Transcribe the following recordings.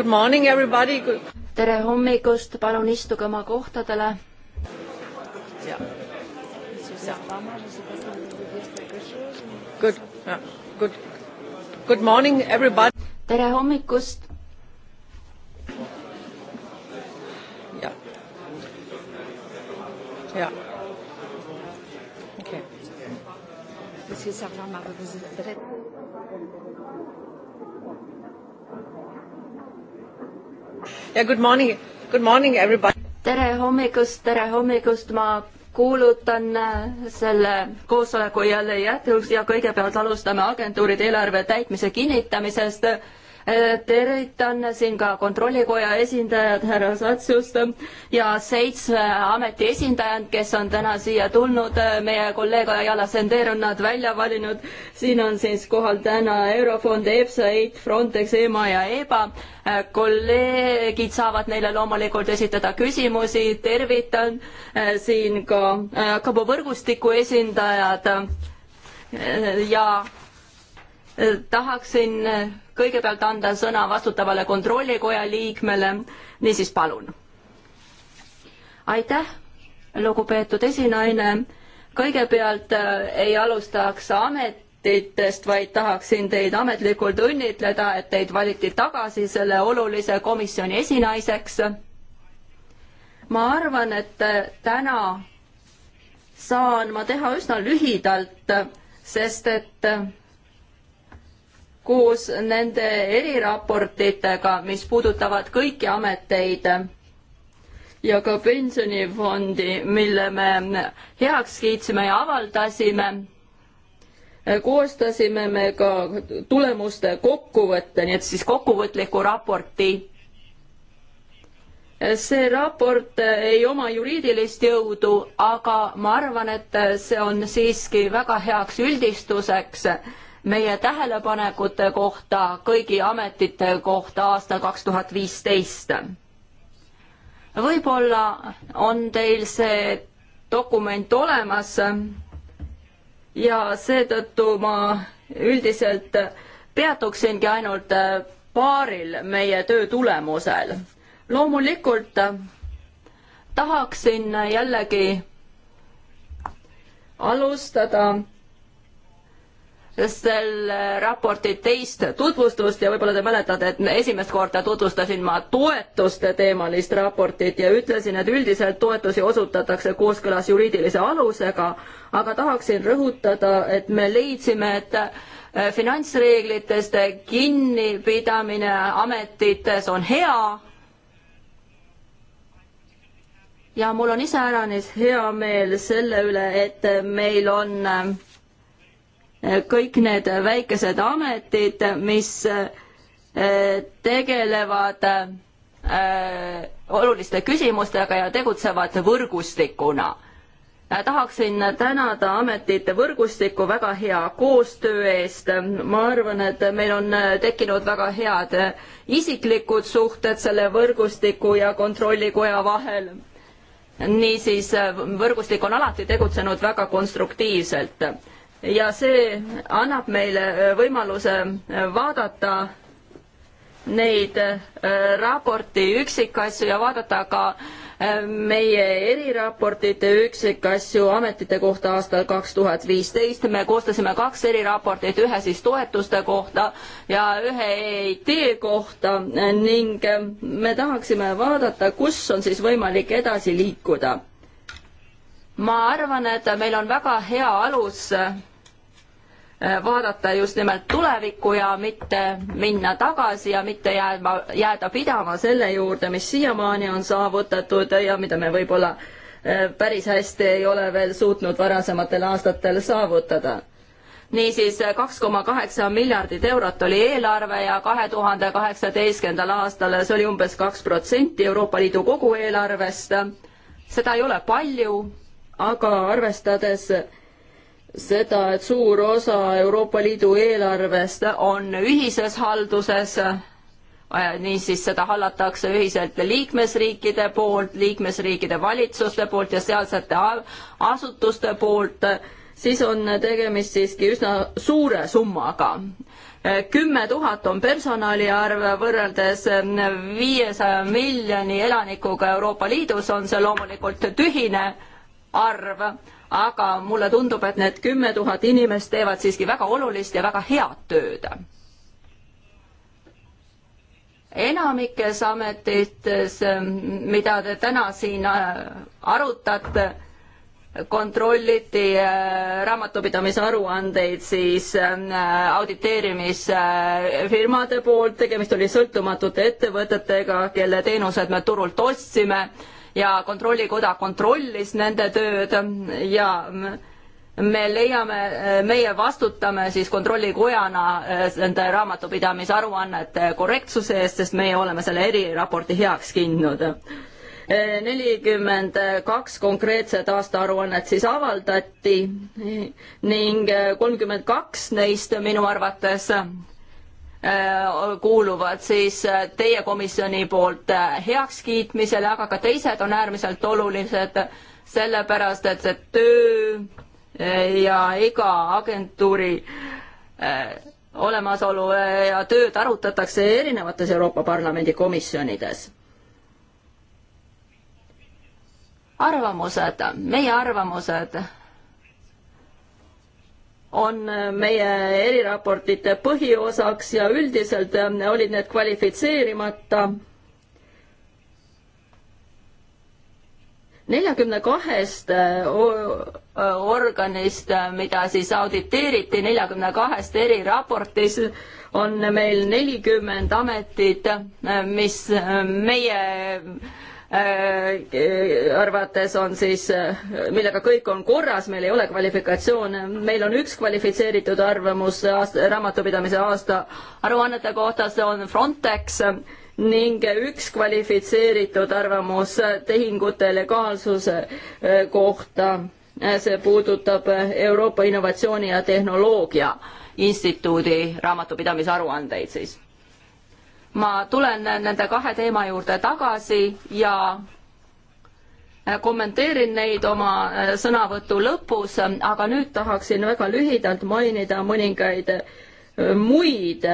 Good morning everybody Good.... tere hommikust, palun istuge oma kohtadele. Good, good, good morning everybody. tere hommikust. ja, ja. okei okay.. Monsieur Sarvamaa, vous êtes yeah,. Good morning, good morning everybody. tere hommikust, tere hommikust, ma kuulutan äh, selle koosoleku jälle jätkuks ja kõigepealt alustame agentuuride eelarve täitmise kinnitamisest Äh, tervitan siin ka Kontrollikoja esindajad härra Satsust äh, ja seitsme ameti esindajad, kes on täna siia tulnud. Äh, meie kolleeg Ajala Sender on nad välja valinud. siin on siis kohal täna Eurofond, EFSA, EIT, Frontex, EMA ja EBA. kolleegid saavad neile loomulikult esitada küsimusi. tervitan siin ka Kapo võrgustiku esindajad ja tahaksin kõigepealt anda sõna vastutavale kontrollikoja liikmele, niisiis palun. aitäh, lugupeetud esinaine. kõigepealt äh, ei alustaks amet ametitest, vaid tahaksin teid ametlikult õnnitleda, et teid valiti tagasi selle olulise komisjoni esinaiseks. ma arvan, et äh, täna saan ma teha üsna lühidalt, sest et äh, koos nende eriraportitega, mis puudutavad kõiki ameteid ja ka pensionifondi, mille me heaks kiitsime ja avaldasime, koostasime me ka tulemuste kokkuvõtte, nii et siis kokkuvõtliku raporti see raport ei oma juriidilist jõudu, aga ma arvan, et see on siiski väga heaks üldistuseks meie tähelepanekute kohta kõigi ametite kohta aastal kaks tuhat viisteist. võib-olla on teil see dokument olemas ja seetõttu ma üldiselt peatuksingi ainult paaril meie töö tulemusel. loomulikult tahaksin jällegi alustada selle äh, raporti teist tutvustust ja võib-olla te mäletate, et esimest korda tutvustasin ma toetuste teemalist raportit ja ütlesin, et üldiselt toetusi osutatakse kooskõlas juriidilise alusega, aga tahaksin rõhutada, et me leidsime, et äh, finantsreeglitest kinnipidamine ametites on hea ja mul on iseäranis hea meel selle üle, et meil on äh, kõik need väikesed ametid, mis eh, tegelevad eh, oluliste küsimustega ja tegutsevad võrgustikuna. tahaksin tänada ametite võrgustikku väga hea koostöö eest. ma arvan, et meil on tekkinud väga head isiklikud suhted selle võrgustiku ja kontrollikoja vahel. niisiis, võrgustik on alati tegutsenud väga konstruktiivselt ja see annab meile äh, võimaluse äh, vaadata neid äh, raporti üksikasju ja vaadata ka meie eriraportite üksikasju ametite kohta aastal kaks tuhat viisteist. me koostasime kaks eriraportit, ühe siis toetuste kohta ja ühe EIT kohta ning me tahaksime vaadata, kus on siis võimalik edasi liikuda. ma arvan, et meil on väga hea alus Äh, vaadata just nimelt tulevikku ja mitte minna tagasi ja mitte jääma, jääda pidama selle juurde, mis siiamaani on saavutatud ja mida me võib-olla äh, päris hästi ei ole veel suutnud varasematel aastatel saavutada niisiis äh, kaks koma kaheksa miljardit eurot oli eelarve ja kahe tuhande kaheksateistkümnendal aastal see oli umbes kaks protsenti Euroopa Liidu kogu eelarvest. seda ei ole palju, aga arvestades seda, et suur osa Euroopa Liidu eelarvest on ühises halduses, niisiis seda hallatakse ühiselt liikmesriikide poolt, liikmesriikide valitsuste poolt ja sealsete asutuste poolt, siis on tegemist siiski üsna suure summaga kümme tuhat on personaliarv võrreldes viiesaja miljoni elanikuga Euroopa Liidus on see loomulikult tühine arv aga mulle tundub, et need kümme tuhat inimest teevad siiski väga olulist ja väga head tööd. enamikes ametites, mida te täna siin äh, arutate, kontrolliti äh, raamatupidamise aruandeid siis äh, auditeerimisfirmade poolt, tegemist oli sõltumatute ettevõtetega, kelle teenused me turult ostsime ja Kontrollikoda kontrollis nende tööd ja me leiame, meie vastutame siis kontrollikojana äh, nende raamatupidamisaruannete korrektsuse eest, sest meie oleme selle eriraporti heaks kinnnud äh, nelikümmend kaks konkreetset aastaaruannet siis avaldati ning äh, kolmkümmend kaks neist minu arvates Äh, kuuluvad siis äh, teie komisjoni poolt äh, heakskiitmisele, aga ka teised on äärmiselt olulised, sellepärast et see töö ja iga agentuuri olemasolu ja tööd arutatakse erinevates Euroopa Parlamendi komisjonides arvamused, meie arvamused on äh, meie eriraportite põhiosaks ja üldiselt äh, olid need kvalifitseerimata. neljakümne kahest äh, organist, mida siis auditeeriti, neljakümne kahest eriraportis on meil nelikümmend ametit, mis meie Äh, äh, arvates on siis, äh, millega kõik on korras, meil ei ole kvalifikatsioone, meil on üks kvalifitseeritud arvamus aasta, raamatupidamise aasta aruannete kohta, see on Frontex ning üks kvalifitseeritud arvamus tehingute legaalsuse kohta. see puudutab Euroopa Innovatsiooni ja Tehnoloogia Instituudi raamatupidamise aruandeid siis ma tulen nende kahe teema juurde tagasi ja äh, kommenteerin neid oma äh, sõnavõtu lõpus, äh, aga nüüd tahaksin väga lühidalt mainida mõningaid muid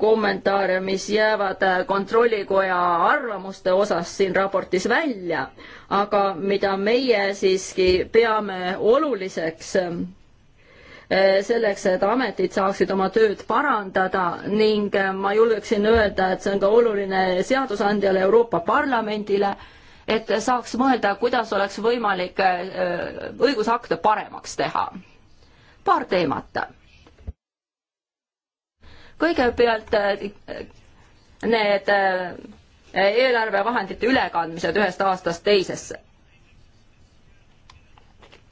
kommentaare, mis jäävad Kontrollikoja arvamuste osas siin raportis välja, aga mida meie siiski peame oluliseks Eh, selleks, et ametid saaksid oma tööd parandada ning eh, ma julgeksin öelda, et see on ka oluline seadusandjale, Euroopa Parlamendile, et saaks mõelda, kuidas oleks võimalik eh, õigusakte paremaks teha. paar teemat. kõigepealt need eelarvevahendite ülekandmised ühest aastast teisesse.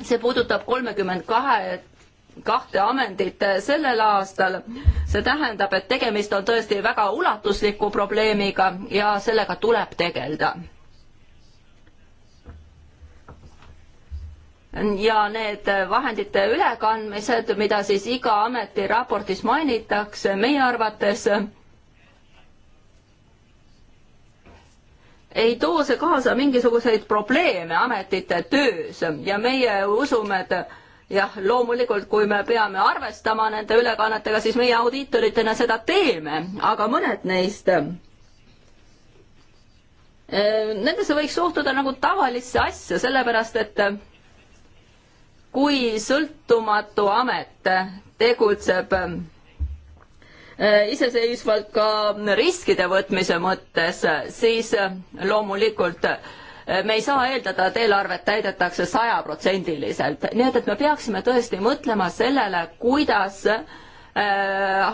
see puudutab kolmekümmend kahe kahte amendit eh, sellel aastal. see tähendab, et tegemist on tõesti väga ulatusliku probleemiga ja sellega tuleb tegeleda. ja need vahendite ülekandmised, mida siis iga ameti raportis mainitakse, meie arvates ei too see kaasa mingisuguseid probleeme ametite töös ja meie usume, et jah, loomulikult, kui me peame arvestama nende ülekannetega, siis meie audiitoritena seda teeme, aga mõned neist eh, Nendesse võiks suhtuda nagu tavalisse asja, sellepärast et kui sõltumatu amet tegutseb eh, iseseisvalt ka riskide võtmise mõttes, siis loomulikult me ei saa eeldada, et eelarvet täidetakse sajaprotsendiliselt, nii et, et me peaksime tõesti mõtlema sellele, kuidas äh,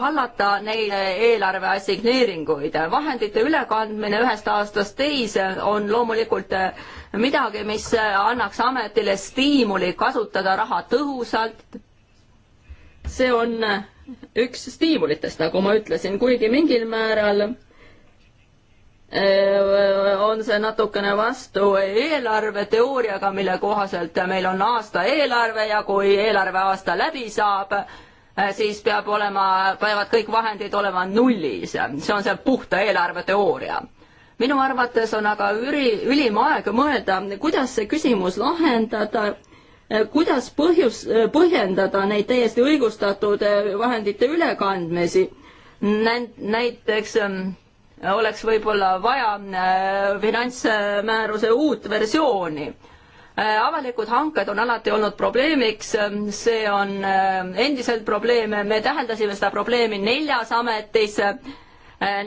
hallata neile eelarve assigneeringuid. vahendite ülekandmine ühest aastast teise on loomulikult äh, midagi, mis annaks ametile stiimuli kasutada raha tõhusalt. see on äh, üks stiimulitest, nagu ma ütlesin, kuigi mingil määral Äh, on see natukene vastu eelarveteooriaga, mille kohaselt meil on aasta eelarve ja kui eelarveaasta läbi saab, äh, siis peab olema, peavad kõik vahendid olema nullis. see on see puhta eelarveteooria. minu arvates on aga üli, ülim aeg mõelda, kuidas see küsimus lahendada, äh, kuidas põhjus, põhjendada neid täiesti õigustatud vahendite ülekandmisi. näiteks ähm, oleks võib-olla vaja äh, finantsmääruse uut versiooni äh, avalikud hanked on alati olnud probleemiks, ähm, see on äh, endiselt probleem, me täheldasime seda probleemi neljas ametis.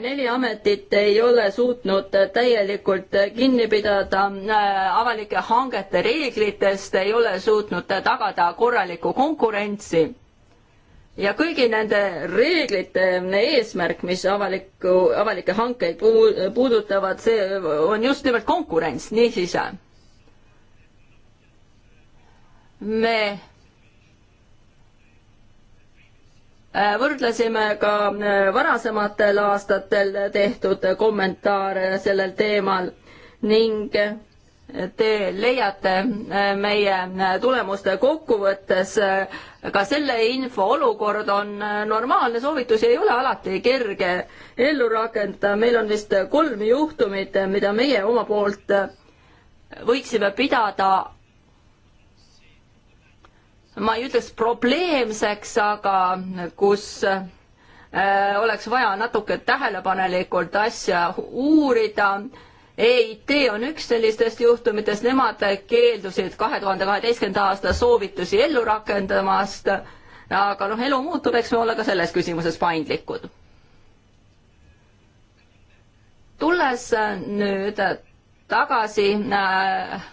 neli ametit ei ole suutnud täielikult kinni pidada avalike hangete reeglitest, ei ole suutnud tagada korralikku konkurentsi ja kõigi nende reeglite eesmärk, mis avaliku, avalikke hankeid puudutavad, see on just nimelt konkurents, niisiis me äh, võrdlesime ka äh, varasematel aastatel tehtud kommentaare sellel teemal ning äh, te leiate äh, meie äh, tulemuste kokkuvõttes äh, ka selle info olukord on normaalne, soovitusi ei ole alati kerge ellu rakendada, meil on vist kolm juhtumit, mida meie oma poolt võiksime pidada ma ei ütleks probleemseks, aga kus oleks vaja natuke tähelepanelikult asja uurida EIT on üks sellistest juhtumitest, nemad keeldusid kahe tuhande kaheteistkümnenda aasta soovitusi ellu rakendamast, aga noh, elu muutub, eks me ole ka selles küsimuses paindlikud. tulles nüüd tagasi äh,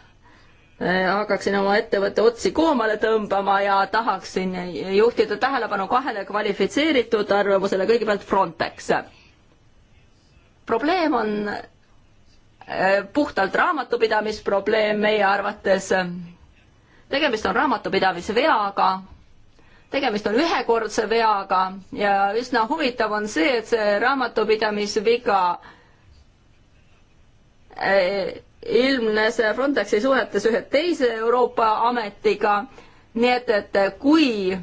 äh, hakkaksin oma ettevõtte otsi koomale tõmbama ja tahaksin juhtida tähelepanu kahele kvalifitseeritud arvamusele, kõigepealt Frontex. probleem on Äh, puhtalt raamatupidamisprobleem meie arvates. tegemist on raamatupidamise veaga, tegemist on ühekordse veaga ja üsna huvitav on see, et see raamatupidamisviga äh, ilmnes Frontexi suhetes ühe teise Euroopa ametiga, nii et, et kui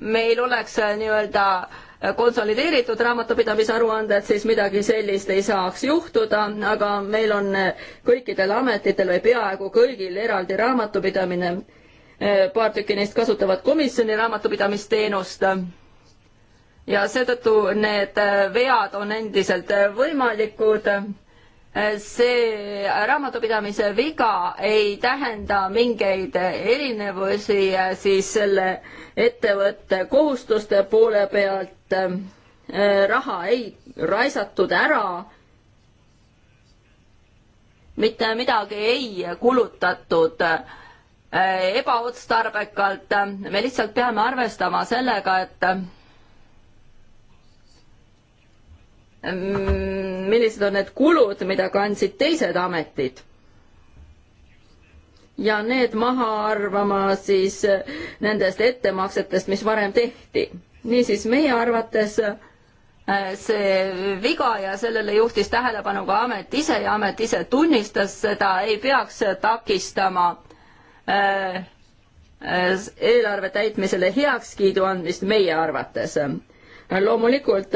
meil oleks äh, nii-öelda äh, konsolideeritud raamatupidamisaruanded, siis midagi sellist ei saaks juhtuda, aga meil on kõikidel ametitel või peaaegu kõigil eraldi raamatupidamine. paar tükki neist kasutavad komisjoni raamatupidamisteenust. ja seetõttu need vead on endiselt võimalikud see raamatupidamise viga ei tähenda mingeid erinevusi äh, siis selle ettevõtte kohustuste poole pealt. Äh, raha ei raisatud ära. mitte midagi ei kulutatud äh, ebaotstarbekalt. me lihtsalt peame arvestama sellega, et Mm, millised on need kulud, mida kandsid teised ametid ja need maha arvama siis eh, nendest ettemaksetest, mis varem tehti. niisiis, meie arvates eh, see viga ja sellele juhtis tähelepanu ka amet ise ja amet ise tunnistas seda, ei peaks takistama eh, eelarve täitmisele heakskiidu andmist meie arvates. loomulikult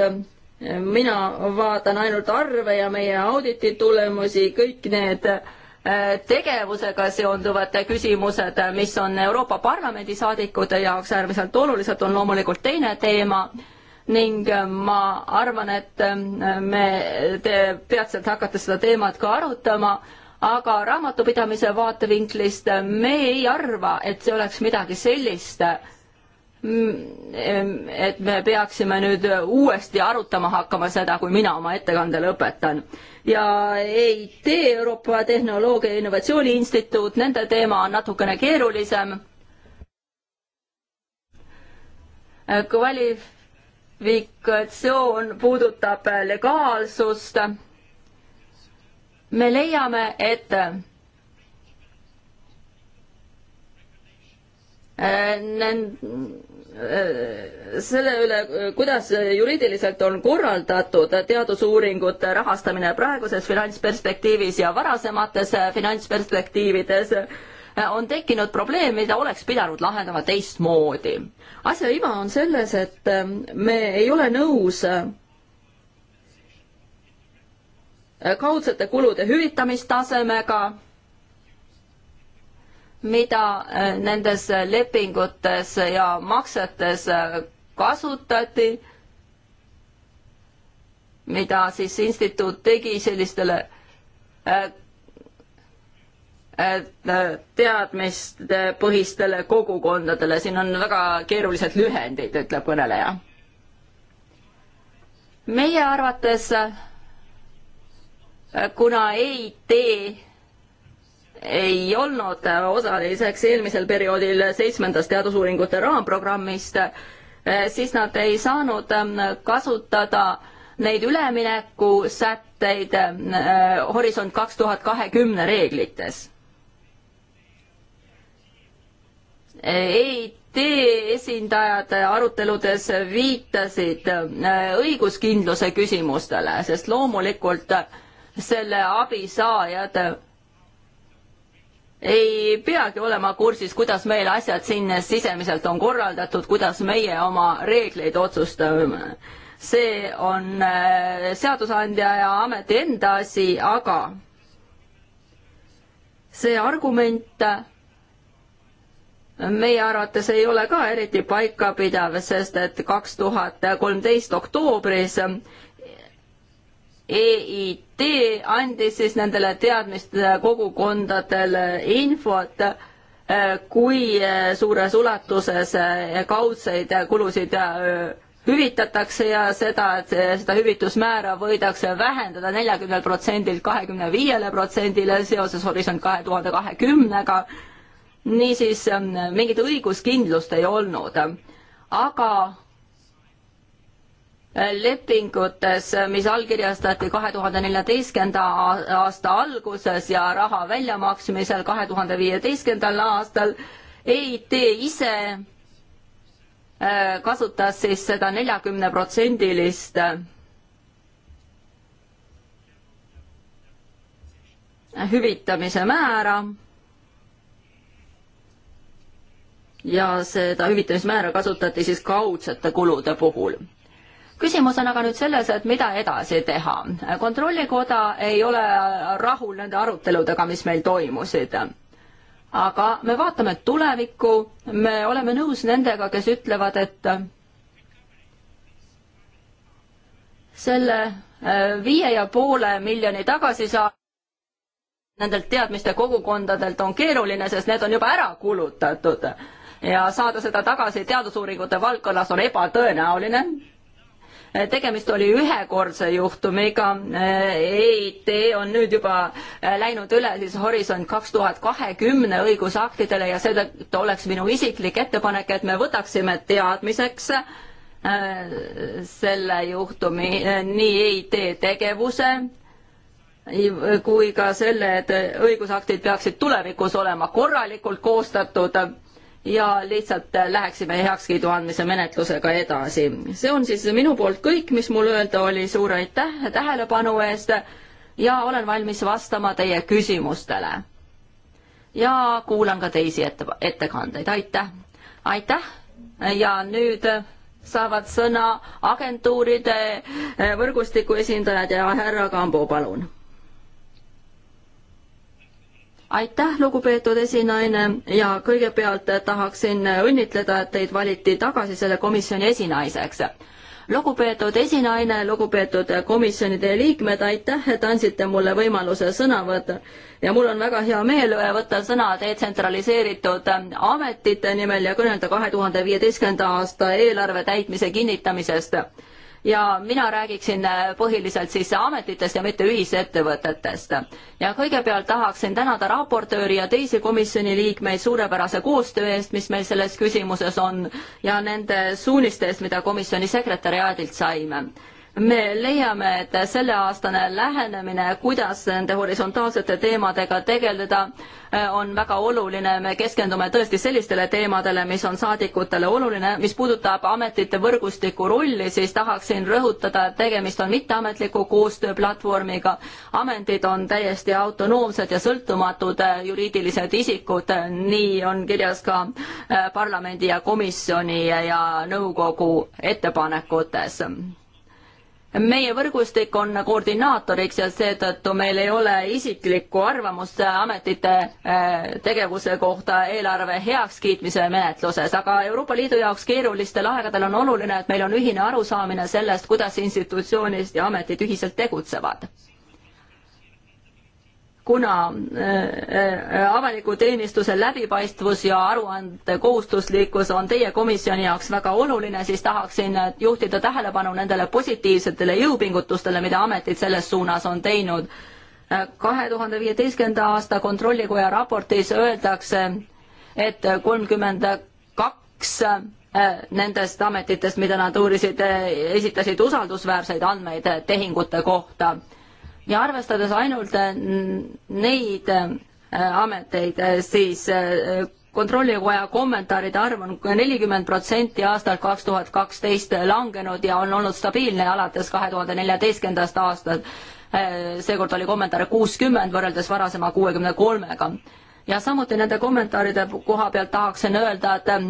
mina vaatan ainult arve ja meie auditi tulemusi, kõik need äh, tegevusega seonduvad küsimused, mis on Euroopa Parlamendi saadikute jaoks äärmiselt olulised, on loomulikult teine teema ning äh, ma arvan, et äh, me, te peatselt hakkate seda teemat ka arutama, aga raamatupidamise vaatevinklist me ei arva, et see oleks midagi sellist, Mm, et me peaksime nüüd uuesti arutama hakkama seda, kui mina oma ettekande lõpetan. ja EIT, Euroopa Tehnoloogia ja Innovatsiooni Instituut, nende teema on natukene keerulisem. kvalifikatsioon puudutab legaalsust. me leiame, et eh, nend- Äh, selle üle, kuidas juriidiliselt on korraldatud teadusuuringute rahastamine praeguses finantsperspektiivis ja varasemates finantsperspektiivides, äh, on tekkinud probleem, mida oleks pidanud lahendama teistmoodi. asja iva on selles, et äh, me ei ole nõus kaudsete kulude hüvitamistasemega mida äh, nendes äh, lepingutes ja maksetes äh, kasutati, mida siis instituut tegi sellistele teadmistepõhistele kogukondadele, siin on väga keerulised lühendid, ütleb kõneleja. meie arvates kuna ei tee ei olnud osaliseks eelmisel perioodil seitsmendast teadusuuringute raamprogrammist, eh, siis nad ei saanud eh, kasutada neid üleminekusätteid eh, Horisont kaks tuhat kahekümne reeglites. EIT esindajad aruteludes viitasid õiguskindluse küsimustele, sest loomulikult selle abisaajad ei peagi olema kursis, kuidas meil asjad siin sisemiselt on korraldatud, kuidas meie oma reegleid otsustame. see on äh, seadusandja ja ameti enda asi, aga see argument äh, meie arvates ei ole ka eriti paikapidav, sest et kaks tuhat kolmteist oktoobris EIT tee andis siis nendele teadmiste kogukondadele infot, äh, kui äh, suures ulatuses äh, kaudseid kulusid hüvitatakse ja seda, et seda hüvitusmäära võidakse vähendada neljakümnelt protsendilt kahekümne viiele protsendile seoses Horisont kahe tuhande kahekümnega. niisiis ähm, mingit õiguskindlust ei olnud. aga lepingutes, mis allkirjastati kahe tuhande neljateistkümnenda aasta alguses ja raha väljamaksmisel kahe tuhande viieteistkümnendal aastal, EIT ise äh, kasutas siis seda neljakümneprotsendilist äh, hüvitamise määra ja seda hüvitamismäära kasutati siis kaudsete kulude puhul küsimus on aga nüüd selles, et mida edasi teha. kontrollikoda ei ole rahul nende aruteludega, mis meil toimusid. aga me vaatame tulevikku, me oleme nõus nendega, kes ütlevad, et selle äh, viie ja poole miljoni tagasisaa nendelt teadmiste kogukondadelt on keeruline, sest need on juba ära kulutatud ja saada seda tagasi teadusuuringute valdkonnas on ebatõenäoline tegemist oli ühekordse juhtumiga, EIT on nüüd juba äh, läinud üle siis Horisont kaks tuhat kahekümne õigusaktidele ja seetõttu oleks minu isiklik ettepanek, et me võtaksime teadmiseks äh, selle juhtumi äh, nii EIT tegevuse kui ka selle, et õigusaktid peaksid tulevikus olema korralikult koostatud ja lihtsalt läheksime heakskiidu andmise menetlusega edasi. see on siis minu poolt kõik, mis mul öelda oli, suur aitäh tähelepanu eest ja olen valmis vastama teie küsimustele. ja kuulan ka teisi ette, ettekandeid, aitäh! aitäh ja nüüd saavad sõna agentuuride võrgustiku esindajad ja härra Kambo, palun aitäh, lugupeetud esinaine ja kõigepealt tahaksin õnnitleda, et teid valiti tagasi selle komisjoni esinaiseks. lugupeetud esinaine, lugupeetud komisjonide liikmed, aitäh, et andsite mulle võimaluse sõna võtta ja mul on väga hea meel võtta sõna detsentraliseeritud ametite nimel ja kõnelda kahe tuhande viieteistkümnenda aasta eelarve täitmise kinnitamisest ja mina räägiksin äh, põhiliselt siis ametitest ja mitte ühisettevõtetest. ja kõigepealt tahaksin tänada raportööri ja teisi komisjoni liikmeid suurepärase koostöö eest, mis meil selles küsimuses on ja nende suuniste eest, mida komisjoni sekretäriaadilt saime me leiame, et selleaastane lähenemine, kuidas nende horisontaalsete teemadega tegeleda, eh, on väga oluline, me keskendume tõesti sellistele teemadele, mis on saadikutele oluline, mis puudutab ametite võrgustiku rolli, siis tahaksin rõhutada, et tegemist on mitteametliku koostööplatvormiga, ametid on täiesti autonoomsed ja sõltumatud eh, juriidilised isikud, nii on kirjas ka eh, parlamendi ja komisjoni ja nõukogu ettepanekutes meie võrgustik on koordinaatoriks ja seetõttu meil ei ole isiklikku arvamust ametite eh, tegevuse kohta eelarve heakskiitmise menetluses, aga Euroopa Liidu jaoks keerulistel aegadel on oluline, et meil on ühine arusaamine sellest, kuidas institutsioonid ja ametid ühiselt tegutsevad kuna äh, äh, avaliku teenistuse läbipaistvus ja aruande kohustuslikkus on teie komisjoni jaoks väga oluline, siis tahaksin äh, juhtida tähelepanu nendele positiivsetele jõupingutustele, mida ametid selles suunas on teinud. kahe tuhande viieteistkümnenda aasta Kontrollikoja raportis öeldakse, et kolmkümmend kaks nendest ametitest, mida nad uurisid, esitasid usaldusväärseid andmeid tehingute kohta ja arvestades ainult neid äh, ameteid, äh, siis äh, kontrollikoja kommentaaride arv on nelikümmend protsenti aastal kaks tuhat kaksteist langenud ja on olnud stabiilne alates kahe tuhande neljateistkümnendast aastast. seekord oli kommentaare kuuskümmend võrreldes varasema kuuekümne kolmega ja samuti nende kommentaaride koha pealt tahaksin öelda, et äh,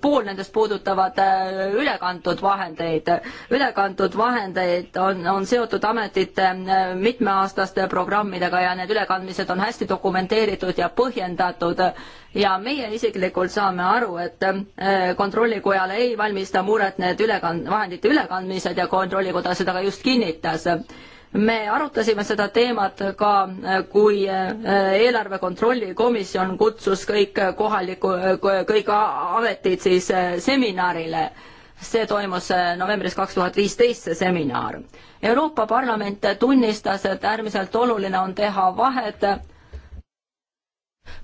pool nendest puudutavad äh, ülekantud vahendeid. ülekantud vahendeid on, on seotud ametite äh, mitmeaastaste programmidega ja need ülekandmised on hästi dokumenteeritud ja põhjendatud ja meie isiklikult saame aru, et kontrollikojale ei valmista muret need ülekand-, vahendite ülekandmised ja kontrollikoda seda ka just kinnitas me arutasime seda teemat ka, äh, kui äh, eelarve kontrolli komisjon kutsus kõik äh, kohaliku, kõik ametid siis seminarile. see toimus novembris kaks tuhat viisteist, see seminar. Euroopa Parlament tunnistas, et äärmiselt oluline on teha vahet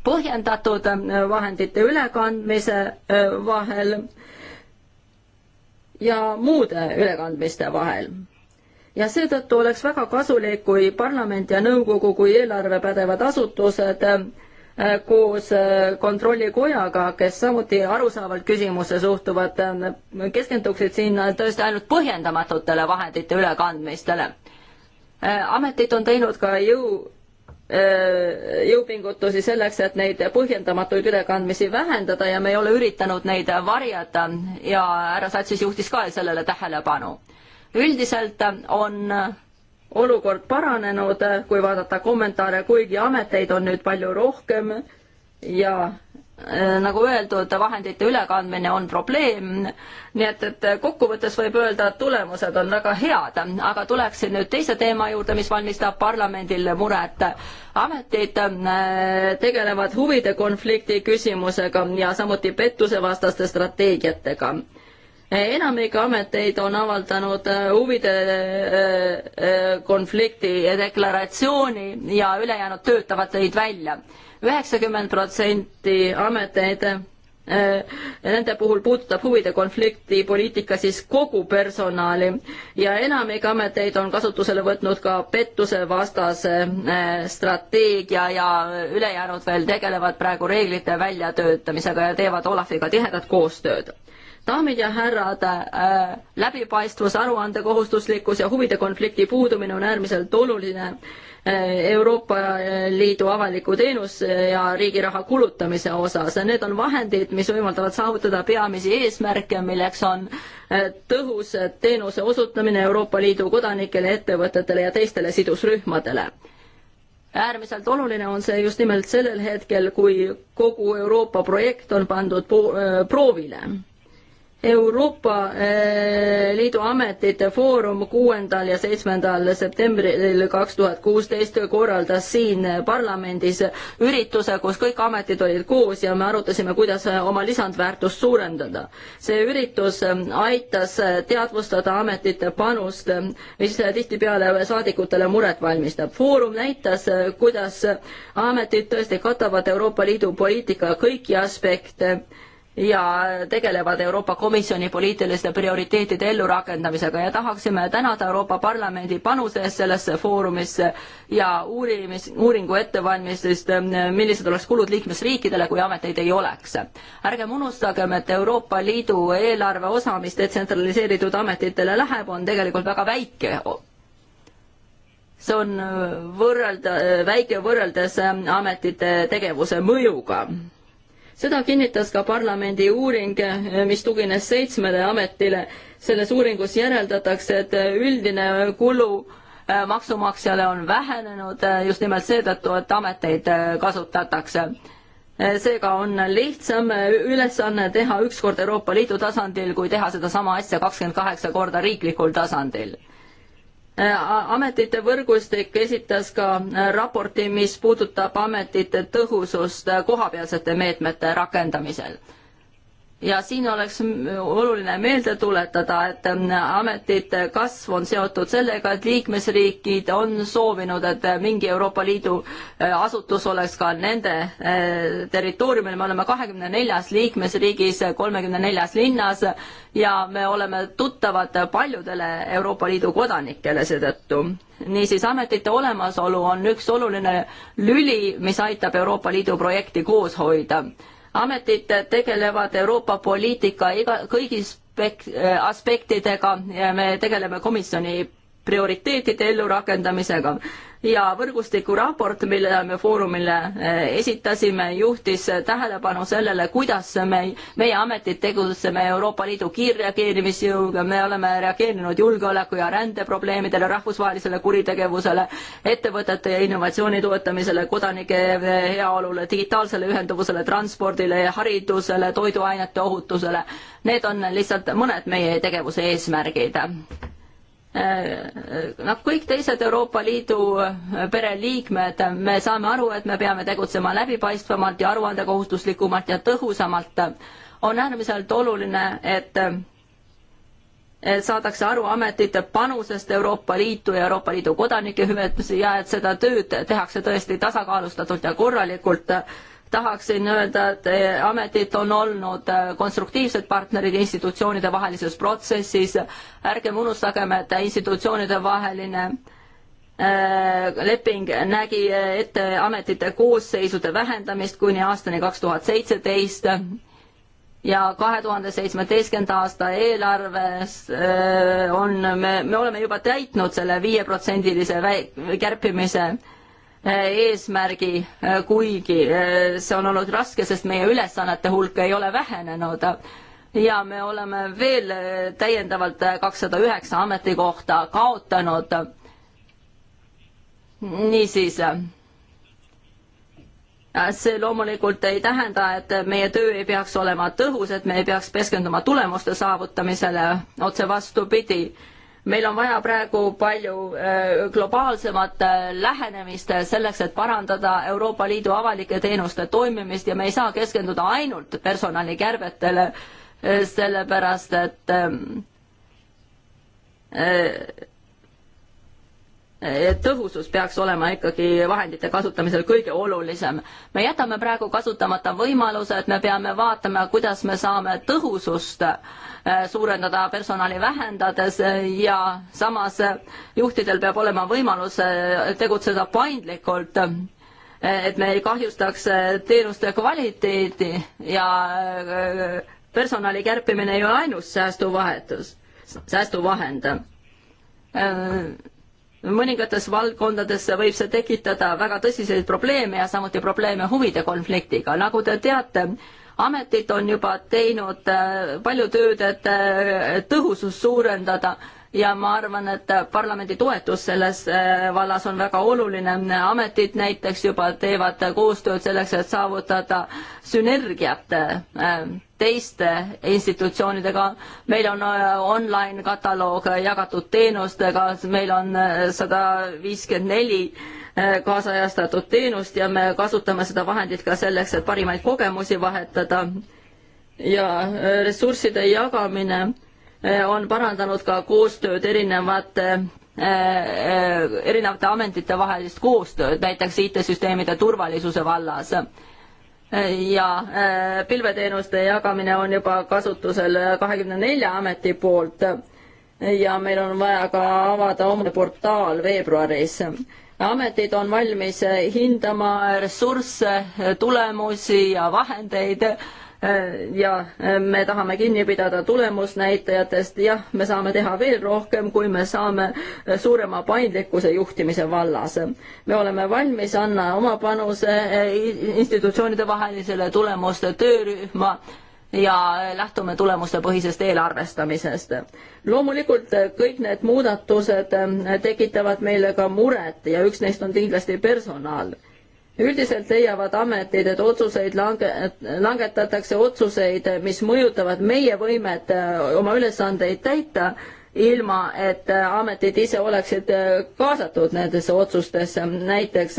põhjendatud vahendite ülekandmise vahel ja muude ülekandmiste vahel ja seetõttu oleks väga kasulik, kui parlament ja nõukogu kui eelarvepädevad asutused äh, koos äh, kontrollikojaga, kes samuti arusaavalt küsimusse suhtuvad, äh, keskenduksid siin tõesti ainult põhjendamatutele vahendite ülekandmistele. ametid on teinud ka jõu, jõupingutusi selleks, et neid põhjendamatuid ülekandmisi vähendada ja me ei ole üritanud neid varjata ja härra Satsis juhtis ka sellele tähelepanu üldiselt on olukord paranenud, kui vaadata kommentaare, kuigi ameteid on nüüd palju rohkem ja äh, nagu öeldud, vahendite ülekandmine on probleem, nii et, et kokkuvõttes võib öelda, et tulemused on väga head, aga tuleksin nüüd teise teema juurde, mis valmistab parlamendile muret. ametid äh, tegelevad huvide konflikti küsimusega ja samuti pettusevastaste strateegiatega enamik ameteid on avaldanud äh, huvide äh, äh, konflikti deklaratsiooni ja ülejäänud töötavad neid välja. üheksakümmend protsenti ameteid Nende puhul puudutab huvide konflikti poliitika siis kogu personali ja enamik ameteid on kasutusele võtnud ka pettusevastase strateegia ja ülejäänud veel tegelevad praegu reeglite väljatöötamisega ja teevad Olafiga tihedat koostööd daamid ja härrad äh,, läbipaistvus, aruandekohustuslikkus ja huvide konflikti puudumine on äärmiselt oluline äh, Euroopa Liidu avaliku teenuse ja riigi raha kulutamise osas. Need on vahendid, mis võimaldavad saavutada peamisi eesmärke, milleks on äh, tõhus teenuse osutamine Euroopa Liidu kodanikele, ettevõtetele ja teistele sidusrühmadele äärmiselt oluline on see just nimelt sellel hetkel, kui kogu Euroopa projekt on pandud äh, proovile Euroopa eh, Liidu ametite foorum kuuendal ja seitsmendal septembril kaks tuhat kuusteist korraldas siin parlamendis ürituse, kus kõik ametid olid koos ja me arutasime, kuidas oma lisandväärtust suurendada. see üritus aitas teadvustada ametite panust, mis tihtipeale saadikutele muret valmistab. foorum näitas, kuidas ametid tõesti katavad Euroopa Liidu poliitika kõiki aspekte ja tegelevad Euroopa Komisjoni poliitiliste prioriteetide ellurakendamisega ja tahaksime tänada Euroopa Parlamendi panuse eest sellesse foorumisse ja uurimis, uuringu ettevalmistust, millised oleks kulud liikmesriikidele, kui ameteid ei oleks. ärgem unustagem, et Euroopa Liidu eelarve osa, mis detsentraliseeritud ametitele läheb, on tegelikult väga väike see on võrrelda, väike võrreldes ametite tegevuse mõjuga seda kinnitas ka parlamendi uuring, mis tugines seitsmele ametile. selles uuringus järeldatakse, et üldine kulu äh, maksumaksjale on vähenenud äh, just nimelt seetõttu, et ameteid äh, kasutatakse seega on lihtsam ülesanne teha üks kord Euroopa Liidu tasandil, kui teha sedasama asja kakskümmend kaheksa korda riiklikul tasandil Äh, ametite võrgustik esitas ka äh, raporti, mis puudutab ametite tõhusust äh, kohapealsete meetmete rakendamisel ja siin oleks oluline meelde tuletada, et ametite kasv on seotud sellega, et liikmesriigid on soovinud, et mingi Euroopa Liidu e, asutus oleks ka nende e, territooriumil, me oleme kahekümne neljas liikmesriigis, kolmekümne neljas linnas ja me oleme tuttavad paljudele Euroopa Liidu kodanikele seetõttu. niisiis, ametite olemasolu on üks oluline lüli, mis aitab Euroopa Liidu projekti koos hoida ametid tegelevad Euroopa poliitika iga, kõigi spek-, aspektidega ja me tegeleme komisjoni prioriteetide ellurakendamisega ja võrgustiku raport, mille me Foorumile eh, esitasime, juhtis eh, tähelepanu sellele, kuidas me, meie ametid tegutseme Euroopa Liidu kiirreageerimisjõuga, me oleme reageerinud julgeoleku ja rändeprobleemidele, rahvusvahelisele kuritegevusele, ettevõtete ja innovatsiooni toetamisele, kodanike heaolule, digitaalsele ühenduvusele, transpordile, haridusele, toiduainete ohutusele. Need on lihtsalt mõned meie tegevuse eesmärgid Äh, nagu kõik teised Euroopa Liidu äh, pereliikmed, me saame aru, et me peame tegutsema läbipaistvamalt ja aruandekohustuslikumalt ja tõhusamalt. on äärmiselt oluline, et äh, saadakse aru ametite panusest Euroopa Liitu ja Euroopa Liidu kodanike hüvedusi ja et seda tööd tehakse tõesti tasakaalustatult ja korralikult tahaksin öelda, et eh, ametid on olnud eh, konstruktiivsed partnerid institutsioonide vahelises protsessis, ärgem unustagem, et institutsioonide vaheline eh, leping nägi ette ametite koosseisude vähendamist kuni aastani kaks tuhat seitseteist ja kahe tuhande seitsmeteistkümnenda aasta eelarves on, me, me oleme juba täitnud selle viieprotsendilise kärpimise äh, eesmärgi, äh, kuigi äh, see on olnud raske, sest meie ülesannete hulk ei ole vähenenud. ja me oleme veel äh, täiendavalt kakssada üheksa ametikohta kaotanud. niisiis, see loomulikult ei tähenda, et meie töö ei peaks olema tõhus, et me ei peaks keskenduma tulemuste saavutamisele, otse vastupidi meil on vaja praegu palju äh, globaalsemat äh, lähenemist selleks, et parandada Euroopa Liidu avalike teenuste toimimist ja me ei saa keskenduda ainult personalikärbetele, äh, sellepärast et ähm, Eh, tõhusus peaks olema ikkagi vahendite kasutamisel kõige olulisem. me jätame praegu kasutamata võimaluse, et me peame vaatama, kuidas me saame tõhusust eh, suurendada personali vähendades eh, ja samas juhtidel peab olema võimalus tegutseda paindlikult et me ei kahjustaks teenuste kvaliteeti ja personali kärpimine ei ole ainus säästuvahetus, säästuvahend mõningates valdkondades võib see tekitada väga tõsiseid probleeme ja samuti probleeme huvide konfliktiga. nagu te teate, ametid on juba teinud äh, palju tööd, et äh, tõhusust suurendada ja ma arvan, et parlamendi toetus selles äh, vallas on väga oluline. ametid näiteks juba teevad koostööd selleks, et saavutada sünergiat äh, teiste institutsioonidega, meil on äh, online kataloog jagatud teenustega, meil on sada viiskümmend neli kaasajastatud teenust ja me kasutame seda vahendit ka selleks, et parimaid kogemusi vahetada ja ressursside jagamine Eh, on parandanud ka koostööd erinevate eh, eh, erinevate ametite vahelist koostööd, näiteks IT-süsteemide turvalisuse vallas. ja pilveteenuste jagamine on juba kasutusel kahekümne nelja ameti poolt ja meil on vaja ka avada oma portaal veebruaris. ametid on valmis hindama ressursse, tulemusi ja vahendeid Äh, ja äh, me tahame kinni pidada tulemusnäitajatest, jah, me saame teha veel rohkem, kui me saame äh, suurema paindlikkuse juhtimise vallas. me oleme valmis anna oma panuse institutsioonide vahelisele tulemuste töörühma ja lähtume tulemustepõhisest eelarvestamisest. loomulikult kõik need muudatused tekitavad meile ka muret ja üks neist on kindlasti personal üldiselt leiavad ametid, et otsuseid lange, langetatakse otsuseid, mis mõjutavad meie võimet äh, oma ülesandeid täita, ilma et äh, ametid ise oleksid äh, kaasatud nendesse otsustesse, näiteks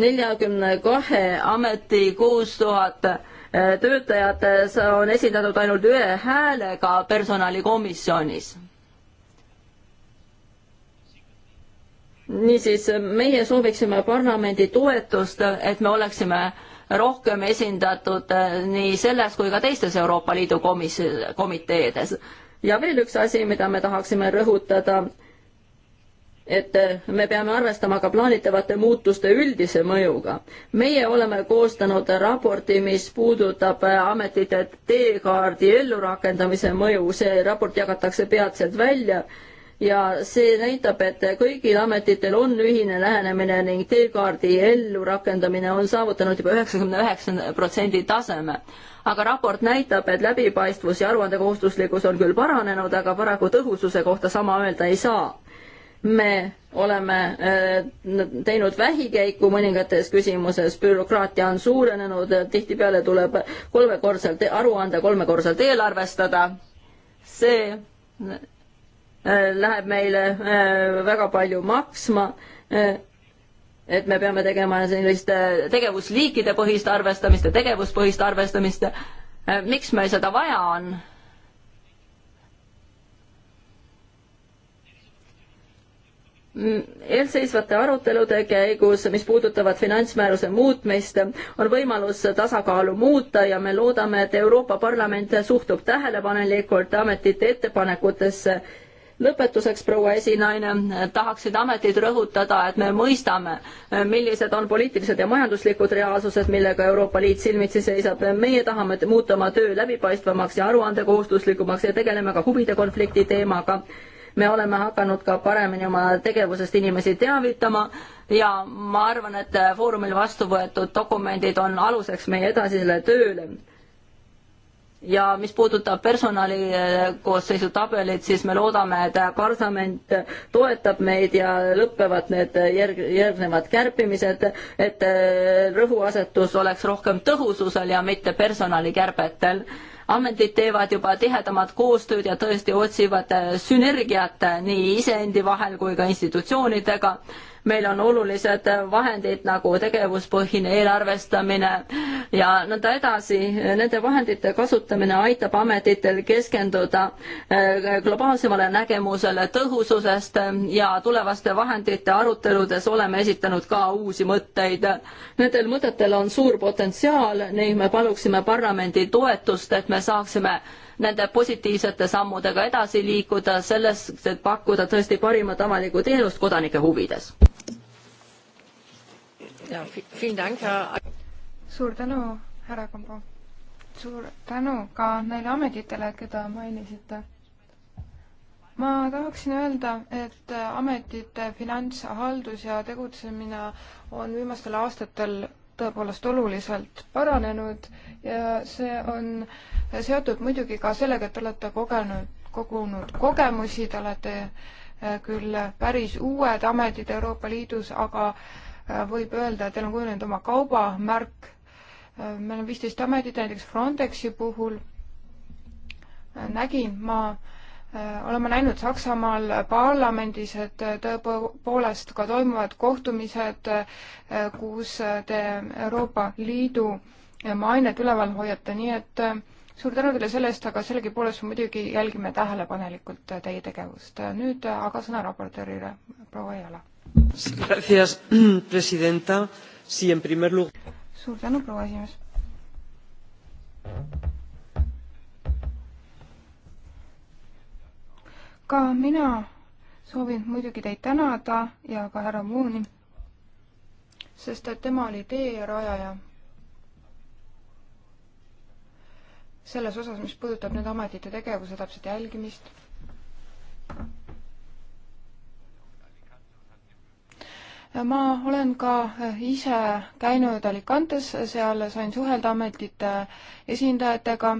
neljakümne kahe ameti kuus tuhat töötajat on esindatud ainult ühe häälega personalikomisjonis niisiis, meie sooviksime parlamendi toetust, et me oleksime rohkem esindatud eh, nii selles kui ka teistes Euroopa Liidu komis-, komiteedes. ja veel üks asi, mida me tahaksime rõhutada, et eh, me peame arvestama ka plaanitavate muutuste üldise mõjuga. meie oleme koostanud raporti, mis puudutab eh, ametite teekaardi ellurakendamise mõju, see raport jagatakse peatselt välja ja see näitab, et kõigil ametitel on ühine lähenemine ning teekaardi ellurakendamine on saavutanud juba üheksakümne üheksanda protsendi taseme. aga raport näitab, et läbipaistvus ja aruandekohustuslikkus on küll paranenud, aga paraku tõhususe kohta sama öelda ei saa me oleme äh, teinud vähikäiku mõningates küsimuses, bürokraatia on suurenenud, tihtipeale tuleb kolmekordselt aru anda, kolmekordselt eelarvestada. see Äh, läheb meile äh, väga palju maksma. Äh, et me peame tegema sellist tegevusliikide põhist arvestamist ja tegevuspõhist arvestamist. miks meil seda vaja on? Mm, eelseisvate arutelude käigus, mis puudutavad finantsmääruse muutmist, on võimalus tasakaalu muuta ja me loodame, et Euroopa Parlament suhtub tähelepanelikult ametite ettepanekutesse lõpetuseks, proua esinaine, tahaksid ametid rõhutada, et me mõistame, millised on poliitilised ja majanduslikud reaalsused, millega Euroopa Liit silmitsi seisab. meie tahame muuta oma töö läbipaistvamaks ja aruandekohustuslikumaks ja tegeleme ka huvide konflikti teemaga me oleme hakanud ka paremini oma tegevusest inimesi teavitama ja ma arvan, et Foorumil vastu võetud dokumendid on aluseks meie edasisele tööle ja mis puudutab personali eh, koosseisu tabelit, siis me loodame, et parlament eh, toetab meid ja lõpevad need eh, järg-, järgnevad kärpimised, et rõhuasetus oleks rohkem tõhususel ja mitte personalikärbetel. ametid teevad juba tihedamat koostööd ja tõesti otsivad sünergiat nii iseendi vahel kui ka institutsioonidega meil on olulised vahendid nagu tegevuspõhine eelarvestamine ja nõnda edasi. Nende vahendite kasutamine aitab ametitel keskenduda äh, globaalsemale nägemusele tõhususest ja tulevaste vahendite aruteludes oleme esitanud ka uusi mõtteid. Nendel mõtetel on suur potentsiaal ning me paluksime parlamendi toetust, et me saaksime nende positiivsete sammudega edasi liikuda, selles, et pakkuda tõesti parimat avalikku teenust kodanike huvides. suur tänu, härra Kambo. suur tänu ka neile ametitele, keda mainisite ma tahaksin öelda, et ametite finantshaldus ja tegutsemine on viimastel aastatel tõepoolest oluliselt paranenud ja see on seotud muidugi ka sellega, et te olete kogenud, kogunud kogemusi, te olete äh, küll päris uued ametid Euroopa Liidus, aga äh, võib öelda, et teil on kujunenud oma kaubamärk. Äh, meil on viisteist ametit, näiteks Frontexi puhul nägin ma äh, Äh, oleme näinud Saksamaal parlamendis, et äh, tõepoolest ka toimuvad kohtumised, äh, kus te Euroopa Liidu mainet üleval hoiate, nii et suur tänu teile selle eest, aga sellegipoolest muidugi jälgime tähelepanelikult teie tegevust. nüüd aga sõna raportöörile, proua Jala. suur tänu, proua esimees ka mina soovin muidugi teid tänada ja ka härra Mooni, sest et tema oli teerajaja selles osas, mis puudutab nüüd ametite tegevuse täpset jälgimist. ma olen ka ise käinud Alicantes, seal sain suhelda ametite esindajatega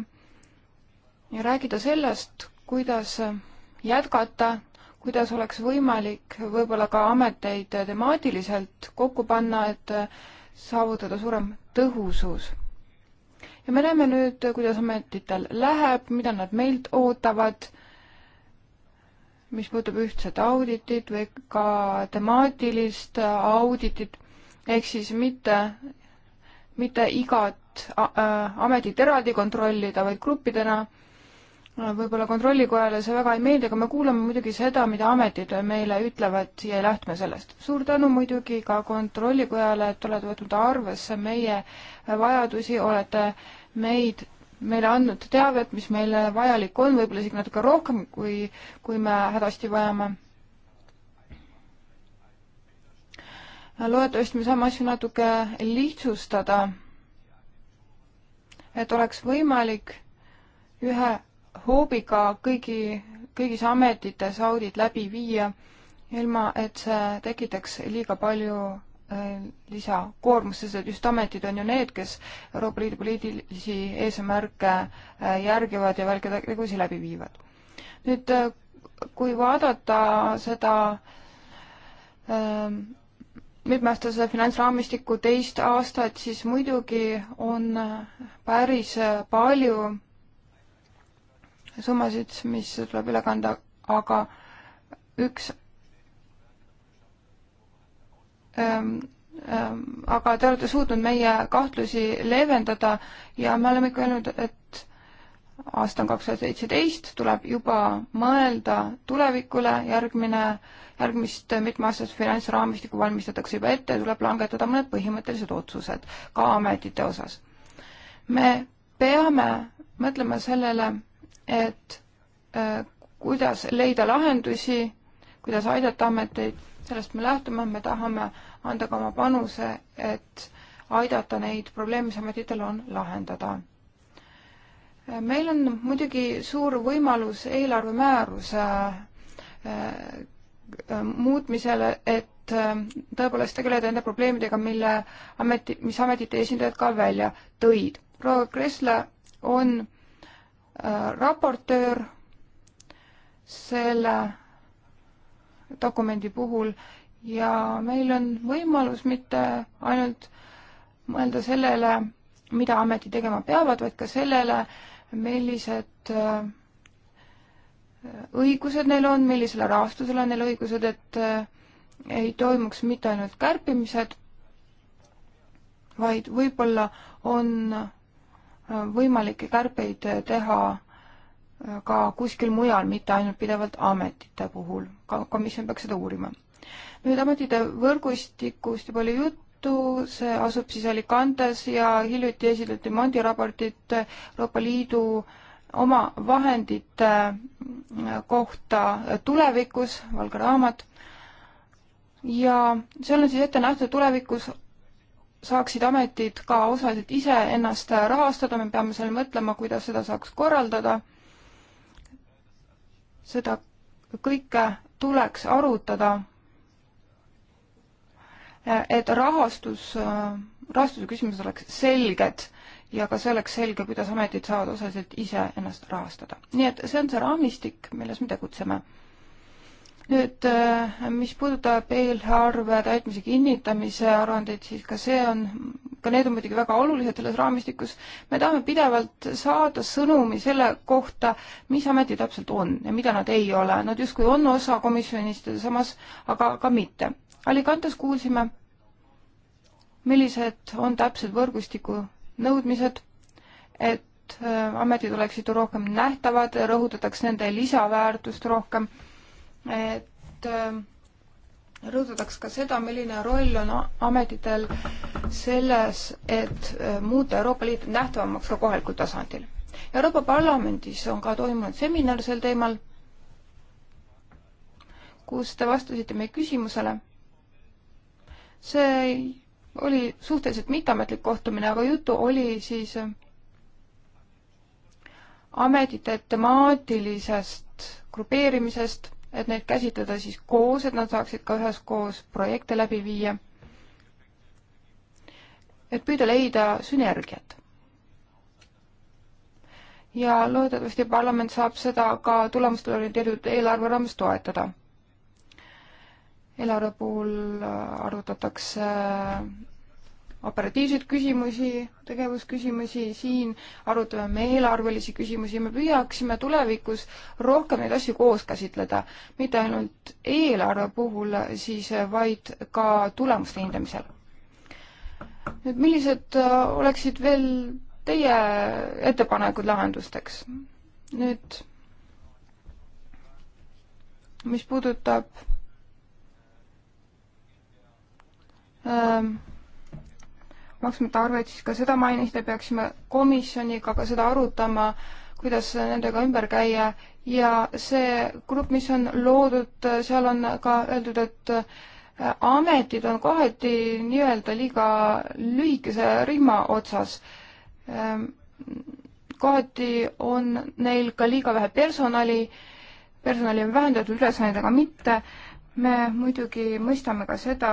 ja rääkida sellest, kuidas jätkata, kuidas oleks võimalik võib-olla ka ameteid temaatiliselt kokku panna, et saavutada suurem tõhusus. ja me näeme nüüd, kuidas ametitel läheb, mida nad meilt ootavad, mis puudutab ühtset auditit või ka temaatilist auditit, ehk siis mitte, mitte igat ametit eraldi kontrollida, vaid gruppidena võib-olla kontrollikojale see väga ei meeldi, aga me kuulame muidugi seda, mida ametid meile ütlevad ja lähtume sellest. suur tänu muidugi ka kontrollikojale, et olete võtnud arvesse meie vajadusi, olete meid, meile andnud teavet, mis meile vajalik on, võib-olla isegi natuke rohkem, kui, kui me hädasti vajame. loodetavasti me saame asju natuke lihtsustada, et oleks võimalik ühe hoobiga kõigi, kõigis ametites audit läbi viia, ilma et see tekitaks liiga palju äh, lisakoormust, sest et just ametid on ju need, kes Euroopa Liidu poliitilisi eesmärke äh, järgivad ja välke tegusi läbi viivad. nüüd äh, kui vaadata seda ähm, mitmeaastase finantsraamistiku teist aastat, siis muidugi on päris palju summasid, mis tuleb üle kanda, aga üks ähm, ähm, aga te olete suutnud meie kahtlusi leevendada ja me oleme ikka öelnud, et aasta on kaks tuhat seitseteist, tuleb juba mõelda tulevikule, järgmine, järgmist mitmeaastast finantsraamistikku valmistatakse juba ette ja tuleb langetada mõned põhimõttelised otsused ka ametite osas. me peame mõtlema sellele, et äh, kuidas leida lahendusi, kuidas aidata ameteid, sellest me lähtume, me tahame anda ka oma panuse, et aidata neid probleeme, mis ametitel on, lahendada. Äh, meil on muidugi suur võimalus eelarvemääruse äh, muutmisele, et tõepoolest tegeleda nende probleemidega, mille ameti, mis ametite esindajad ka välja tõid. proua Kressle on äh, raportöör selle dokumendi puhul ja meil on võimalus mitte ainult mõelda sellele, mida ametid tegema peavad, vaid ka sellele, millised äh, õigused neil on, millisele rahastusele on neil õigused, et äh, ei toimuks mitte ainult kärpimised, vaid võib-olla on võimalikke kärpeid teha ka kuskil mujal, mitte ainult pidevalt ametite puhul. ka komisjon peaks seda uurima. nüüd ametite võrgustikust juba oli juttu, see asub siis Alicantes ja hiljuti esitleti Mondi raportit Euroopa Liidu oma vahendite kohta tulevikus, valge raamat, ja seal on siis ette nähtud tulevikus saaksid ametid ka osaliselt ise ennast rahastada, me peame seal mõtlema, kuidas seda saaks korraldada. seda kõike tuleks arutada. et rahastus, rahastuse küsimused oleks selged ja ka see oleks selge, kuidas ametid saavad osaliselt ise ennast rahastada. nii et see on see raamistik, milles me tegutseme nüüd, äh, mis puudutab eelarve täitmise kinnitamise aruandeid, siis ka see on, ka need on muidugi väga olulised selles raamistikus. me tahame pidevalt saada sõnumi selle kohta, mis ametid täpselt on ja mida nad ei ole. Nad justkui on osa komisjonist ja samas aga ka mitte. Alicantes kuulsime, millised on täpsed võrgustiku nõudmised, et äh, ametid oleksid rohkem nähtavad, rõhutatakse nende lisaväärtust rohkem et ähm, rõhutaks ka seda, milline roll on ametitel selles, et äh, muuta Euroopa Liit nähtavamaks ka kohalikul tasandil. Euroopa Parlamendis on ka toimunud seminar sel teemal, kus te vastasite meie küsimusele. see oli suhteliselt mitteametlik kohtumine, aga juttu oli siis äh, ametite temaatilisest grupeerimisest et neid käsitleda siis koos, et nad saaksid ka üheskoos projekte läbi viia. et püüda leida sünergiat. ja loodetavasti parlament saab seda ka tulemustele orienteeritud eelarve raames toetada. eelarve puhul äh, arvutatakse operatiivseid küsimusi, tegevusküsimusi, siin arutame me eelarvelisi küsimusi, me püüaksime tulevikus rohkem neid asju koos käsitleda, mitte ainult eelarve puhul siis, vaid ka tulemuste hindamisel. nüüd millised äh, oleksid veel teie ettepanekud lahendusteks? nüüd mis puudutab ähm, maksmata arveid, siis ka seda mainisite, peaksime komisjoniga ka seda arutama, kuidas nendega ümber käia ja see grupp, mis on loodud, seal on ka öeldud, et äh, ametid on kohati nii-öelda liiga lühikese rihma otsas. Ähm, kohati on neil ka liiga vähe personali, personali on vähendatud, ülesannetega mitte. me muidugi mõistame ka seda,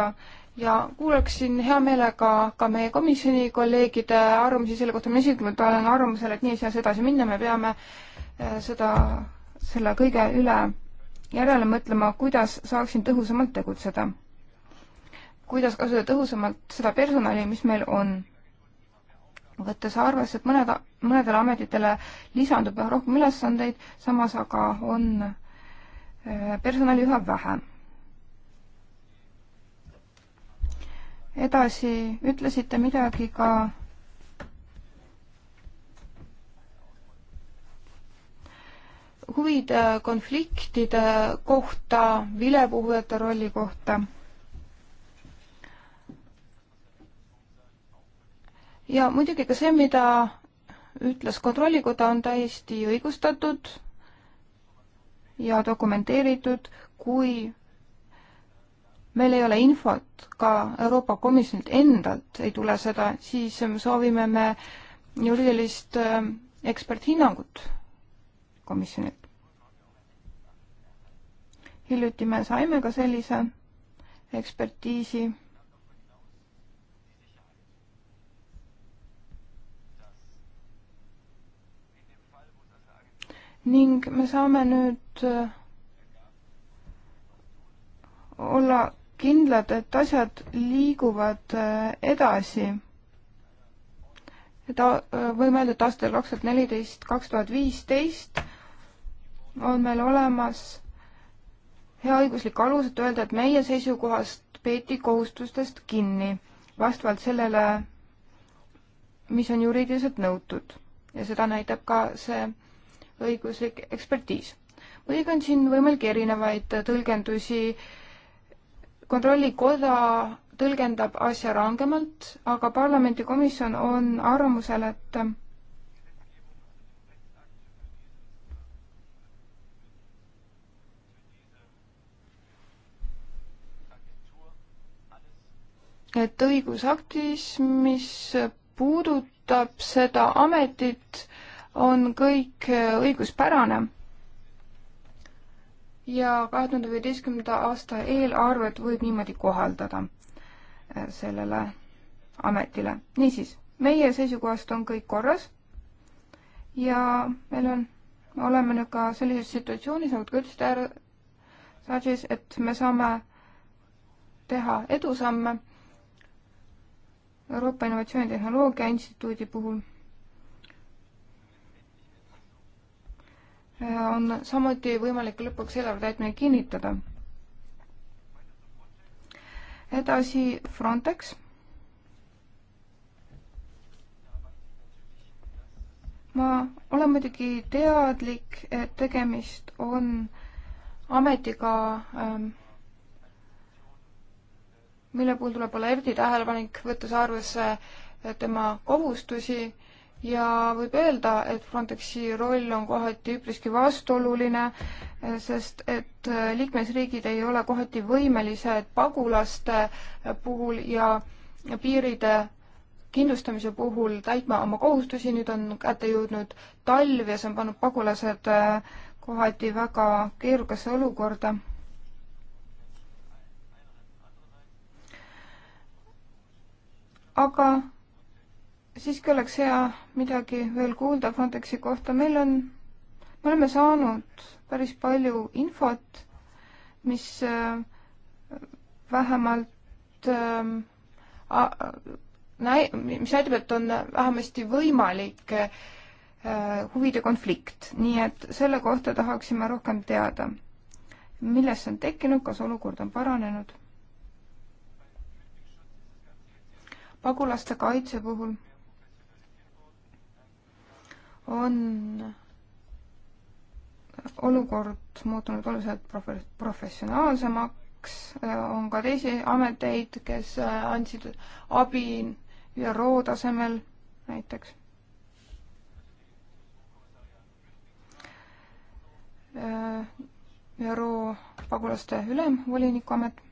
ja kuulaksin hea meelega ka meie komisjoni kolleegide arvamusi selle kohta, ma isiklikult olen arvamusel, et nii ei saa seda edasi minna, me peame äh, seda, selle kõige üle järele mõtlema, kuidas saaksin tõhusamalt tegutseda. kuidas kasutada tõhusamalt seda personali, mis meil on. võttes arvesse, et mõned, mõnedele ametitele lisandub üha rohkem ülesandeid, samas aga on äh, personali üha vähem edasi ütlesite midagi ka huvide konfliktide kohta, vilepuhujate rolli kohta. ja muidugi ka see, mida ütles Kontrollikoda, on täiesti õigustatud ja dokumenteeritud, kui meil ei ole infot, ka Euroopa Komisjonilt endalt ei tule seda, siis ähm, soovime me juriidilist ähm, eksperthinnangut komisjonilt. hiljuti me saime ka sellise ekspertiisi. ning me saame nüüd äh, olla kindlad, et asjad liiguvad äh, edasi. et äh, võime öelda, et aastal kaks tuhat neliteist, kaks tuhat viisteist on meil olemas hea õiguslik alus, et öelda, et meie seisukohast peeti kohustustest kinni vastavalt sellele, mis on juriidiliselt nõutud ja seda näitab ka see õiguslik ekspertiis. muidugi on siin võimalik erinevaid tõlgendusi äh, kontrollikoda tõlgendab asja rangemalt, aga parlamendikomisjon on arvamusel, et et õigusaktis, mis puudutab seda ametit, on kõik õiguspärane ja kahe tuhande viieteistkümnenda aasta eelarvet võib niimoodi kohaldada äh, sellele ametile. niisiis, meie seisukohast on kõik korras ja meil on, me oleme nüüd ka sellises situatsioonis, nagu te ütlesite, härra Sadžis, et me saame teha edusamme Euroopa Innovatsioonitehnoloogia Instituudi puhul on samuti võimalik lõpuks eelarve täitmine kinnitada. edasi Frontex. ma olen muidugi teadlik, et tegemist on ametiga ähm, mille puhul tuleb olla eriti tähelepanelik, võttes arvesse äh, tema kohustusi ja võib öelda, et Frontexi roll on kohati üpriski vastuoluline, eh, sest et eh, liikmesriigid ei ole kohati võimelised pagulaste eh, puhul ja piiride kindlustamise puhul täitma oma kohustusi, nüüd on kätte jõudnud talv ja see on pannud pagulased kohati väga keerukasse olukorda. aga siiski oleks hea midagi veel kuulda Frontexi kohta. meil on, me oleme saanud päris palju infot, mis äh, vähemalt ähm, näi-, mis näitab, et on vähemasti võimalik äh, huvide konflikt, nii et selle kohta tahaksime rohkem teada. millest see on tekkinud, kas olukord on paranenud? pagulaste kaitse puhul on olukord muutunud oluliselt prof-, professionaalsemaks, äh, on ka teisi ameteid, kes äh, andsid abi ÜRO tasemel näiteks. Äh, ÜRO pagulaste ülemvolinikuamet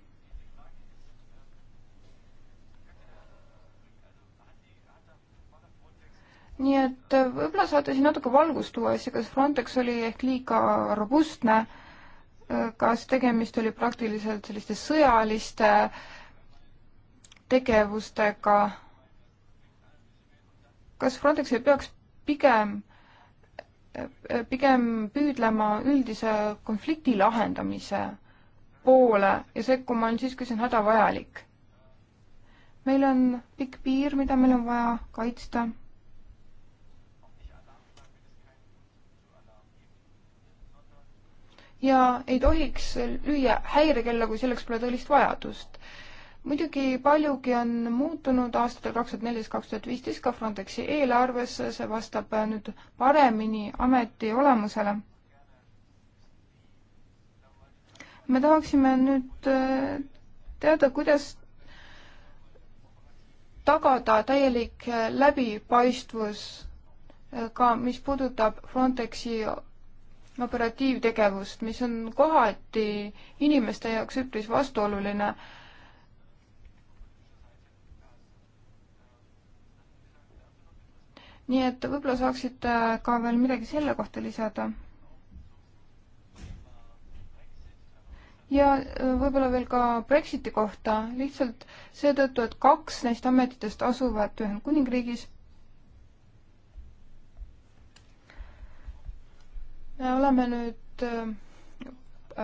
nii et äh, võib-olla saate siin natuke valgust tuua asja, kas Frontex oli ehk liiga robustne, äh, kas tegemist oli praktiliselt selliste sõjaliste tegevustega, kas Frontex ei peaks pigem, äh, pigem püüdlema üldise konflikti lahendamise poole ja sekkuma on siis, kui see on hädavajalik? meil on pikk piir, mida meil on vaja kaitsta ja ei tohiks lüüa häirekella, kui selleks pole tõelist vajadust. muidugi paljugi on muutunud aastatel kaks tuhat neliteist, kaks tuhat viisteist ka Frontexi eelarves, see vastab nüüd paremini ameti olemusele. me tahaksime nüüd äh, teada, kuidas tagada täielik läbipaistvus äh, ka, mis puudutab Frontexi operatiivtegevust, mis on kohati inimeste jaoks üpris vastuoluline. nii et võib-olla saaksite ka veel midagi selle kohta lisada. ja võib-olla veel ka Brexiti kohta, lihtsalt seetõttu, et kaks neist ametitest asuvad Ühendkuningriigis me oleme nüüd äh,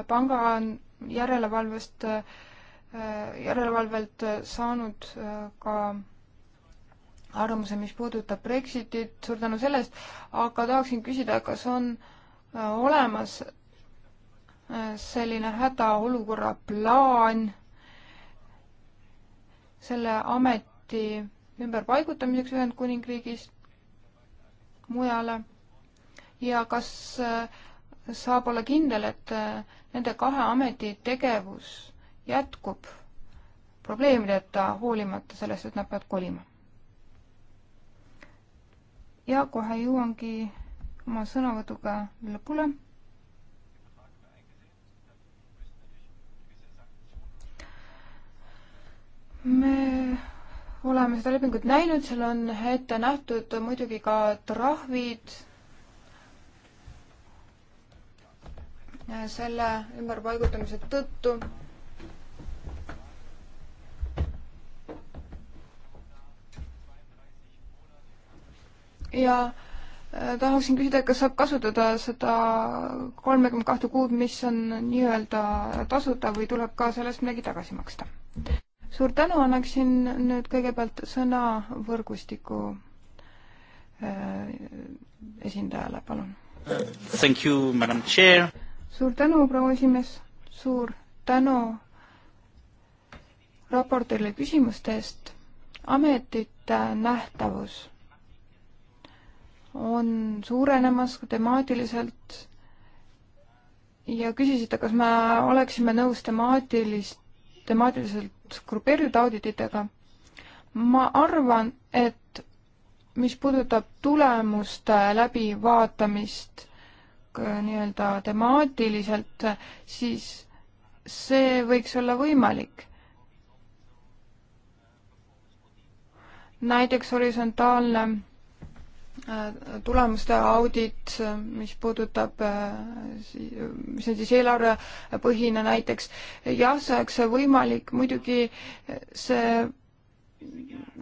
panga järelevalvest, äh, järelevalvelt äh, saanud ka arvamuse, mis puudutab Brexitit, suur tänu selle eest, aga tahaksin küsida, kas on olemas selline hädaolukorra plaan selle ameti ümberpaigutamiseks Ühendkuningriigist mujale ja kas äh, saab olla kindel, et äh, nende kahe ameti tegevus jätkub probleemideta, hoolimata sellest, et nad peavad kolima? ja kohe jõuangi oma sõnavõtuga lõpule. me oleme seda lepingut näinud, seal on ette nähtud muidugi ka trahvid selle ümberpaigutamise tõttu. ja äh, tahaksin küsida, kas saab kasutada seda kolmekümne kahte kuud, mis on nii-öelda tasuta või tuleb ka sellest midagi tagasi maksta? suur tänu, annaksin nüüd kõigepealt sõna võrgustiku äh, esindajale, palun. Thank you, madam chair suur tänu, proua esimees, suur tänu raportile küsimuste eest. ametite nähtavus on suurenemas ka temaatiliselt ja küsisite, kas me oleksime nõus temaatilist, temaatiliselt grupeeritud audititega. ma arvan, et mis puudutab tulemuste läbivaatamist Äh, nii-öelda temaatiliselt, siis see võiks olla võimalik. näiteks horisontaalne äh, tulemuste audit, mis puudutab, äh, mis on siis eelarvepõhine näiteks, jah, see oleks võimalik, muidugi see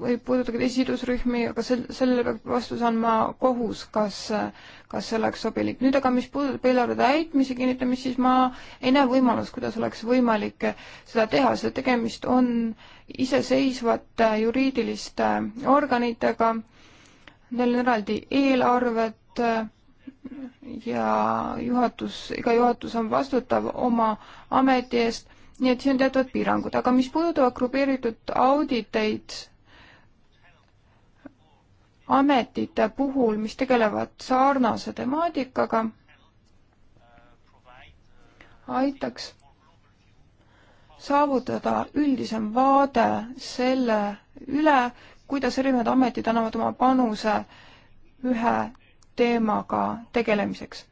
võib puudutada teisi sidusrühmi, aga sel, sellele peab vastuse andma kohus, kas, kas see oleks sobilik. nüüd aga, mis puudutab eelarve täitmise kinnitamist, siis ma ei näe võimalust, kuidas oleks võimalik seda teha, sest tegemist on iseseisvate juriidiliste organitega, neil on eraldi eelarved ja juhatus, iga juhatus on vastutav oma ameti eest nii et siin on teatud piirangud, aga mis puudutab grupeeritud auditeid ametite puhul, mis tegelevad sarnase temaatikaga, aitaks saavutada üldisem vaade selle üle, kuidas erinevad ametid annavad oma panuse ühe teemaga tegelemiseks.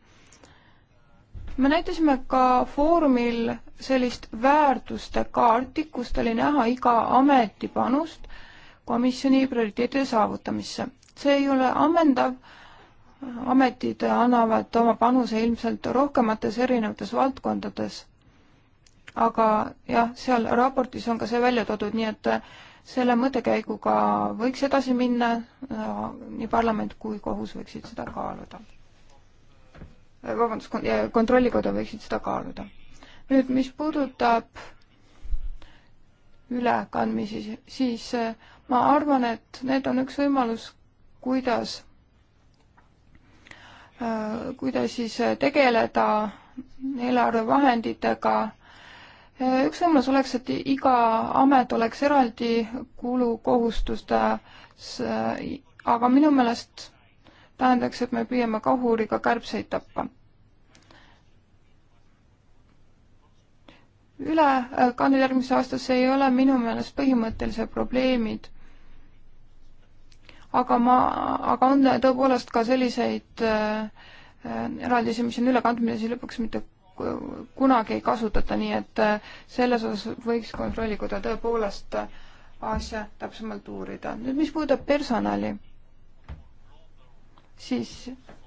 me näitasime ka foorumil sellist väärtuste kaarti, kust oli näha iga ameti panust komisjoni prioriteetide saavutamisse. see ei ole ammendav, ametid annavad oma panuse ilmselt rohkemates erinevates valdkondades. aga jah, seal raportis on ka see välja toodud, nii et selle mõttekäiguga võiks edasi minna, nii parlament kui kohus võiksid seda kaaluda. vabandust, kontrollikoda võiksid seda kaaluda nüüd, mis puudutab ülekandmisi, siis eh, ma arvan, et need on üks võimalus, kuidas, eh, kuidas siis eh, tegeleda eelarvevahenditega. üks võimalus oleks, et iga amet oleks eraldi kulukohustustes, aga minu meelest tähendaks, et me püüame kahuriga kärbseid tappa ülekanded äh, järgmisse aastasse ei ole minu meelest põhimõttelised probleemid. aga ma, aga on tõepoolest ka selliseid äh, äh eraldisi, mis on ülekandmises lõpuks mitte kunagi ei kasutata, nii et äh, selles osas võiks kontrollikoda tõepoolest asja täpsemalt uurida. nüüd, mis puudutab personali, siis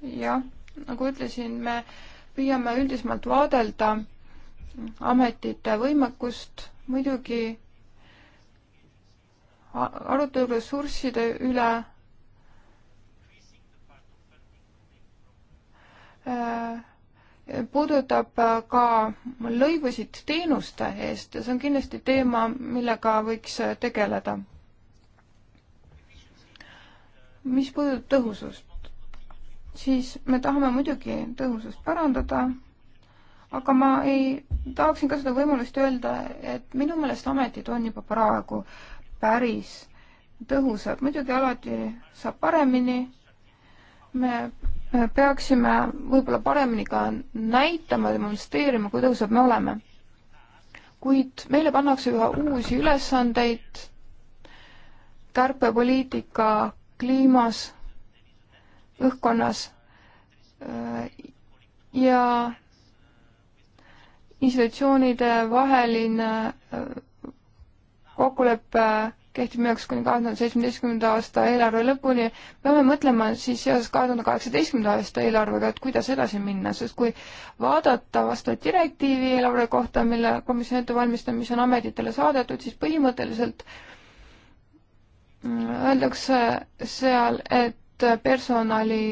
jah, nagu ütlesin, me püüame üldisemalt vaadelda ametite võimekust, muidugi arutelu ressursside üle äh, puudutab äh, ka lõivusid teenuste eest ja see on kindlasti teema, millega võiks äh, tegeleda. mis puudutab tõhusust, siis me tahame muidugi tõhusust parandada aga ma ei, tahaksin kasutada võimalust öelda, et minu meelest ametid on juba praegu päris tõhusad, muidugi alati saab paremini, me peaksime võib-olla paremini ka näitama, demonstreerima, kui tõhusad me oleme. kuid meile pannakse üha uusi ülesandeid kärpepoliitika kliimas, õhkkonnas ja institutsioonide vaheline äh, kokkulepe kehtib minu jaoks kuni kahe tuhande seitsmeteistkümnenda aasta eelarve lõpuni, peame mõtlema siis seoses kahe tuhande kaheksateistkümnenda aasta eelarvega, et kuidas edasi minna, sest kui vaadata vastavat direktiivi eelarve kohta, mille komisjoni ettevalmistamise on ametitele saadetud, siis põhimõtteliselt mm, öeldakse seal, et personali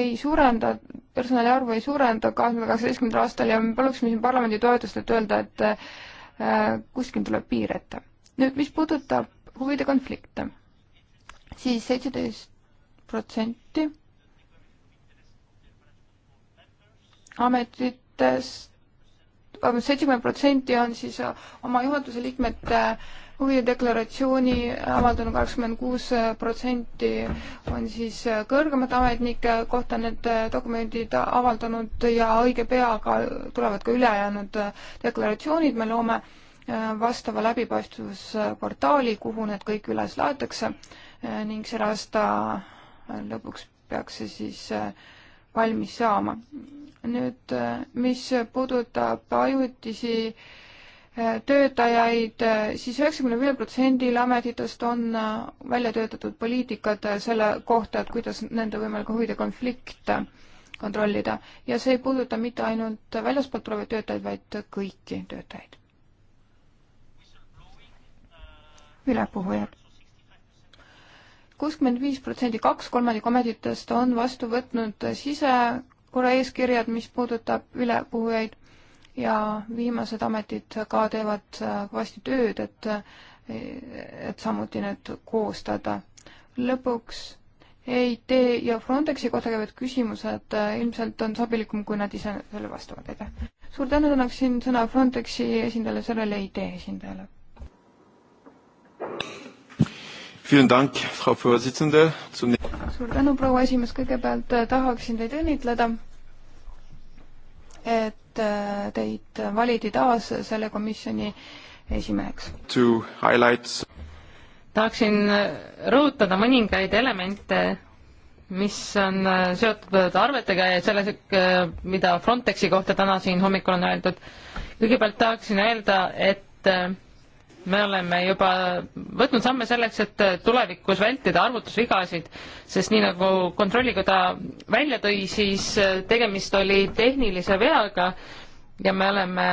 ei suurenda personali arvu ei suurenda kahekümne kaheksateistkümnendal aastal ja me paluksime siin parlamendi toetust, et öelda, et äh, kuskil tuleb piir ette. nüüd, mis puudutab huvide konflikte siis, siis seitseteist protsenti ametitest, vabandust, seitsekümmend protsenti on siis oma juhatuse liikmete äh, huvide deklaratsiooni avaldanud kakskümmend kuus protsenti on siis kõrgemate ametnike kohta need dokumendid avaldanud ja õige pea ka tulevad ka ülejäänud deklaratsioonid, me loome äh, vastava läbipaistvusportaali, kuhu need kõik üles laetakse äh, ning selle aasta lõpuks peaks see siis äh, valmis saama. nüüd, mis puudutab ajutisi äh, töötajaid siis, siis üheksakümne viiel protsendil ametitest on välja töötatud poliitikad selle kohta, et kuidas nende võimalikku huvide konflikte kontrollida ja see ei puuduta mitte ainult väljaspoolt tulevaid töötajaid, vaid kõiki töötajaid. ülepuhujad. kuuskümmend viis protsenti, kaks kolmandikku ametitest on vastu võtnud sisekorra eeskirjad, mis puudutab ülepuhujaid ja viimased ametid ka teevad äh, kõvasti tööd, et, äh, et samuti need koostada. lõpuks EIT ja Frontexi kohta käivad küsimused äh, ilmselt on sobilikum, kui nad ise selle vastavad, aitäh. suur tänu, annaksin sõna Frontexi esindajale, sellele EIT esindajale. suur tänu, proua esimees, kõigepealt tahaksin teid õnnitleda et äh, teid valiti taas selle komisjoni esimeheks. tahaksin äh, rõhutada mõningaid elemente, mis on äh, seotud arvetega ja selles, mida Frontexi kohta täna siin hommikul on öeldud. kõigepealt tahaksin öelda, et me oleme juba võtnud samme selleks, et tulevikus vältida arvutusvigasid, sest nii nagu Kontrollikoda välja tõi, siis tegemist oli tehnilise veaga ja me oleme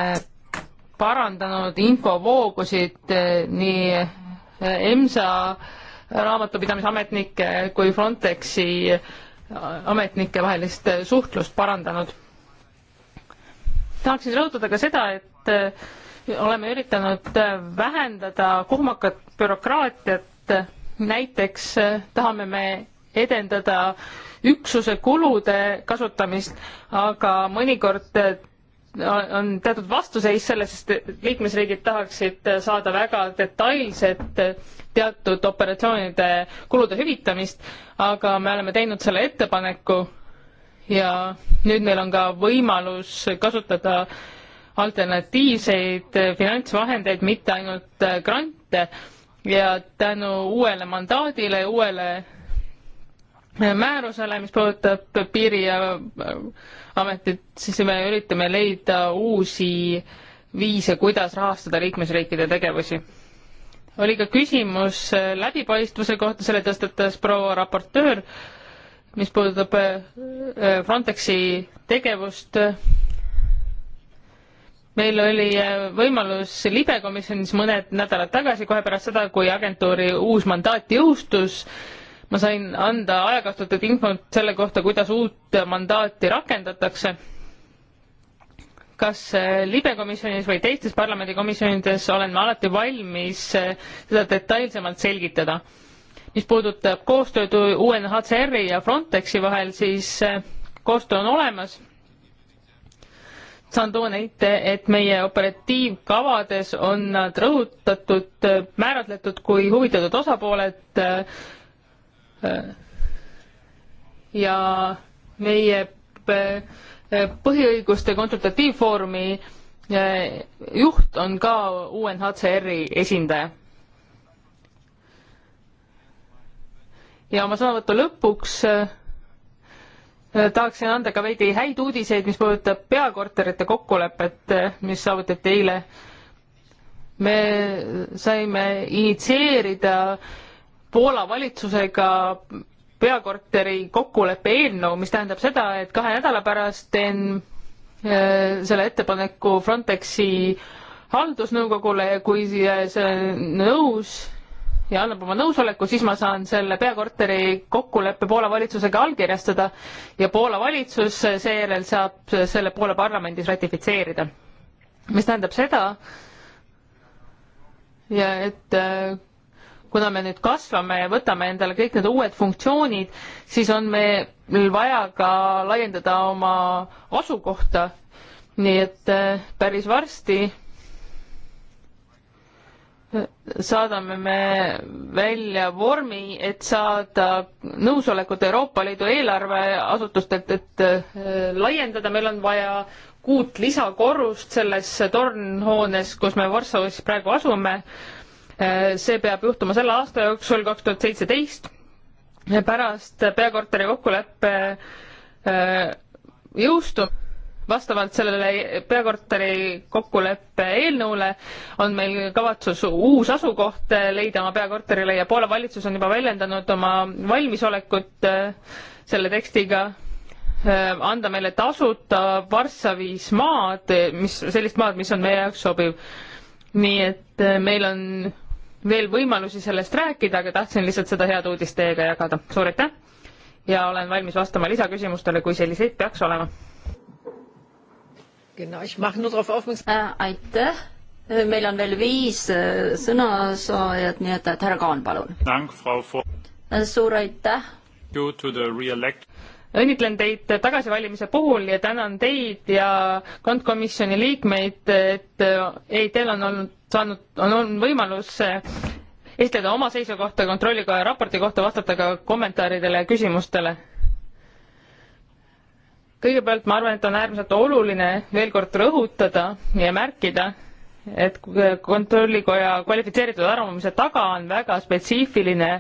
parandanud infovoogusid eh, nii eh, EMSA raamatupidamisametnike kui Frontexi eh, ametnike vahelist suhtlust parandanud. tahaksin rõhutada ka seda, et oleme üritanud vähendada kohmakat bürokraatiat, näiteks eh, tahame me edendada üksuse kulude kasutamist, aga mõnikord eh, on teatud vastuseis selles, sest liikmesriigid tahaksid saada väga detailset eh, teatud operatsioonide kulude hüvitamist, aga me oleme teinud selle ettepaneku ja nüüd meil on ka võimalus kasutada alternatiivseid finantsvahendeid, mitte ainult äh, grante ja tänu uuele mandaadile, uuele äh, määrusele, mis puudutab piiri ja äh, ametit, siis me üritame leida uusi viise, kuidas rahastada liikmesriikide tegevusi. oli ka küsimus läbipaistvuse kohta, selle tõstatas proua raportöör, mis puudutab Frontexi tegevust meil oli äh, võimalus libekomisjonis mõned nädalad tagasi, kohe pärast seda, kui agentuuri uus mandaat jõustus, ma sain anda ajakasutatud infot selle kohta, kuidas uut mandaati rakendatakse. kas äh, libekomisjonis või teistes parlamendikomisjonides olen ma alati valmis äh, seda detailsemalt selgitada. mis puudutab koostööd UNHCR-i ja Frontexi vahel, siis koostöö on olemas saan tuua näite, et meie operatiivkavades on nad rõhutatud, määratletud kui huvitatud osapooled ja meie eh, põhiõiguste konsultatiivfoorumi eh, juht on ka UNHCR-i esindaja. ja oma sõnavõtu lõpuks eh, Äh, tahaksin anda ka veidi häid uudiseid, mis puudutab peakorterite kokkulepet, äh, mis saavutati eile. me saime initsieerida Poola valitsusega peakorteri kokkuleppe eelnõu, mis tähendab seda, et kahe nädala pärast teen äh, selle ettepaneku Frontexi haldusnõukogule ja kui see on nõus, ja annab oma nõusoleku, siis ma saan selle peakorteri kokkuleppe Poola valitsusega allkirjastada ja Poola valitsus seejärel saab selle Poola parlamendis ratifitseerida. mis tähendab seda, ja et äh, kuna me nüüd kasvame ja võtame endale kõik need uued funktsioonid, siis on meil vaja ka laiendada oma asukohta. nii et äh, päris varsti saadame me välja vormi, et saada nõusolekut Euroopa Liidu eelarveasutustelt, et äh, laiendada, meil on vaja kuut lisakorrust selles tornhoones, kus me Varssavis praegu asume. Äh, see peab juhtuma selle aasta jooksul, kaks tuhat seitseteist. pärast peakorteri kokkuleppe äh, jõustumist vastavalt sellele peakorteri kokkuleppe eelnõule on meil kavatsus uus asukoht leida oma peakorterile ja Poola valitsus on juba väljendanud oma valmisolekut äh, selle tekstiga äh, anda meile tasuta Varssavis maad, mis, sellist maad, mis on meie jaoks sobiv. nii et äh, meil on veel võimalusi sellest rääkida, aga tahtsin lihtsalt seda head uudist teiega jagada. suur aitäh ja olen valmis vastama lisaküsimustele, kui selliseid peaks olema Äh, aitäh, äh, meil on veel viis äh, sõnasaajat, nii et, et härra Kaan, palun. suur aitäh. õnnitlen teid tagasivalimise puhul ja tänan teid ja kontkomisjoni liikmeid, et ei, teil on olnud, saanud, on olnud võimalus esitleda oma seisukohta kontrollikoja raporti kohta, vastata ka kommentaaridele ja küsimustele kõigepealt ma arvan, et on äärmiselt oluline veel kord rõhutada ja märkida, et kontrollikoja kvalifitseeritud arvamuse taga on väga spetsiifiline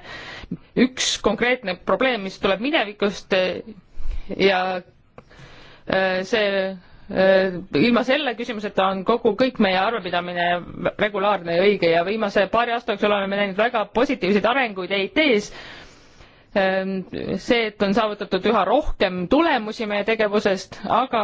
üks konkreetne probleem, mis tuleb minevikust ja äh, see äh, ilma selle küsimuseta on kogu, kõik meie arvepidamine regulaarne ja õige ja viimase paari aasta jooksul oleme näinud väga positiivseid arenguid EIT-s Ähm, see, et on saavutatud üha rohkem tulemusi meie tegevusest, aga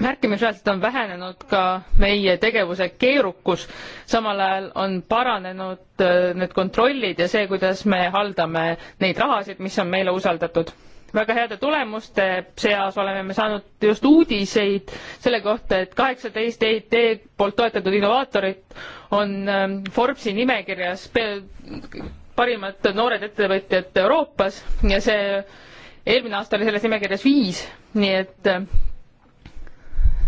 märkimisväärselt on vähenenud ka meie tegevuse keerukus, samal ajal on paranenud äh, need kontrollid ja see, kuidas me haldame neid rahasid, mis on meile usaldatud. väga heade tulemuste seas oleme me saanud just uudiseid selle kohta, et kaheksateist EIT poolt toetatud innovaatorit on ähm, Forbesi nimekirjas parimad noored ettevõtjad Euroopas ja see eelmine aasta oli selles nimekirjas viis, nii et äh,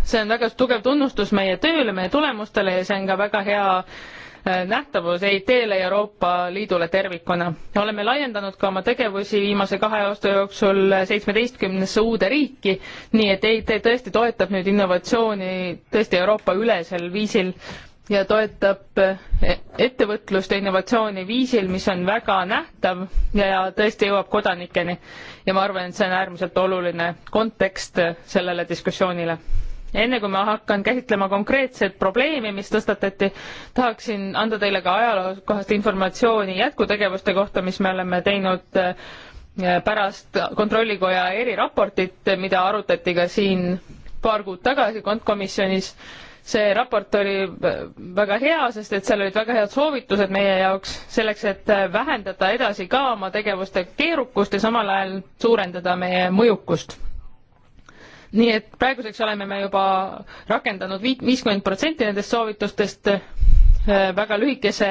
see on väga tugev tunnustus meie tööle, meie tulemustele ja see on ka väga hea äh, nähtavus EIT-le ja Euroopa Liidule tervikuna. oleme laiendanud ka oma tegevusi viimase kahe aasta jooksul seitsmeteistkümnesse uude riiki, nii et EIT tõesti toetab nüüd innovatsiooni tõesti Euroopa-ülesel viisil ja toetab ettevõtlust ja innovatsiooni viisil, mis on väga nähtav ja tõesti jõuab kodanikeni. ja ma arvan, et see on äärmiselt oluline kontekst sellele diskussioonile. enne kui ma hakkan käsitlema konkreetset probleemi, mis tõstatati, tahaksin anda teile ka ajalookohast informatsiooni jätkutegevuste kohta, mis me oleme teinud äh, pärast Kontrollikoja eriraportit, mida arutati ka siin paar kuud tagasi kontkomisjonis see raport oli väga hea, sest et seal olid väga head soovitused meie jaoks selleks, et vähendada edasi ka oma tegevuste keerukust ja samal ajal suurendada meie mõjukust. nii et praeguseks oleme me juba rakendanud viiskümmend protsenti nendest soovitustest äh, väga lühikese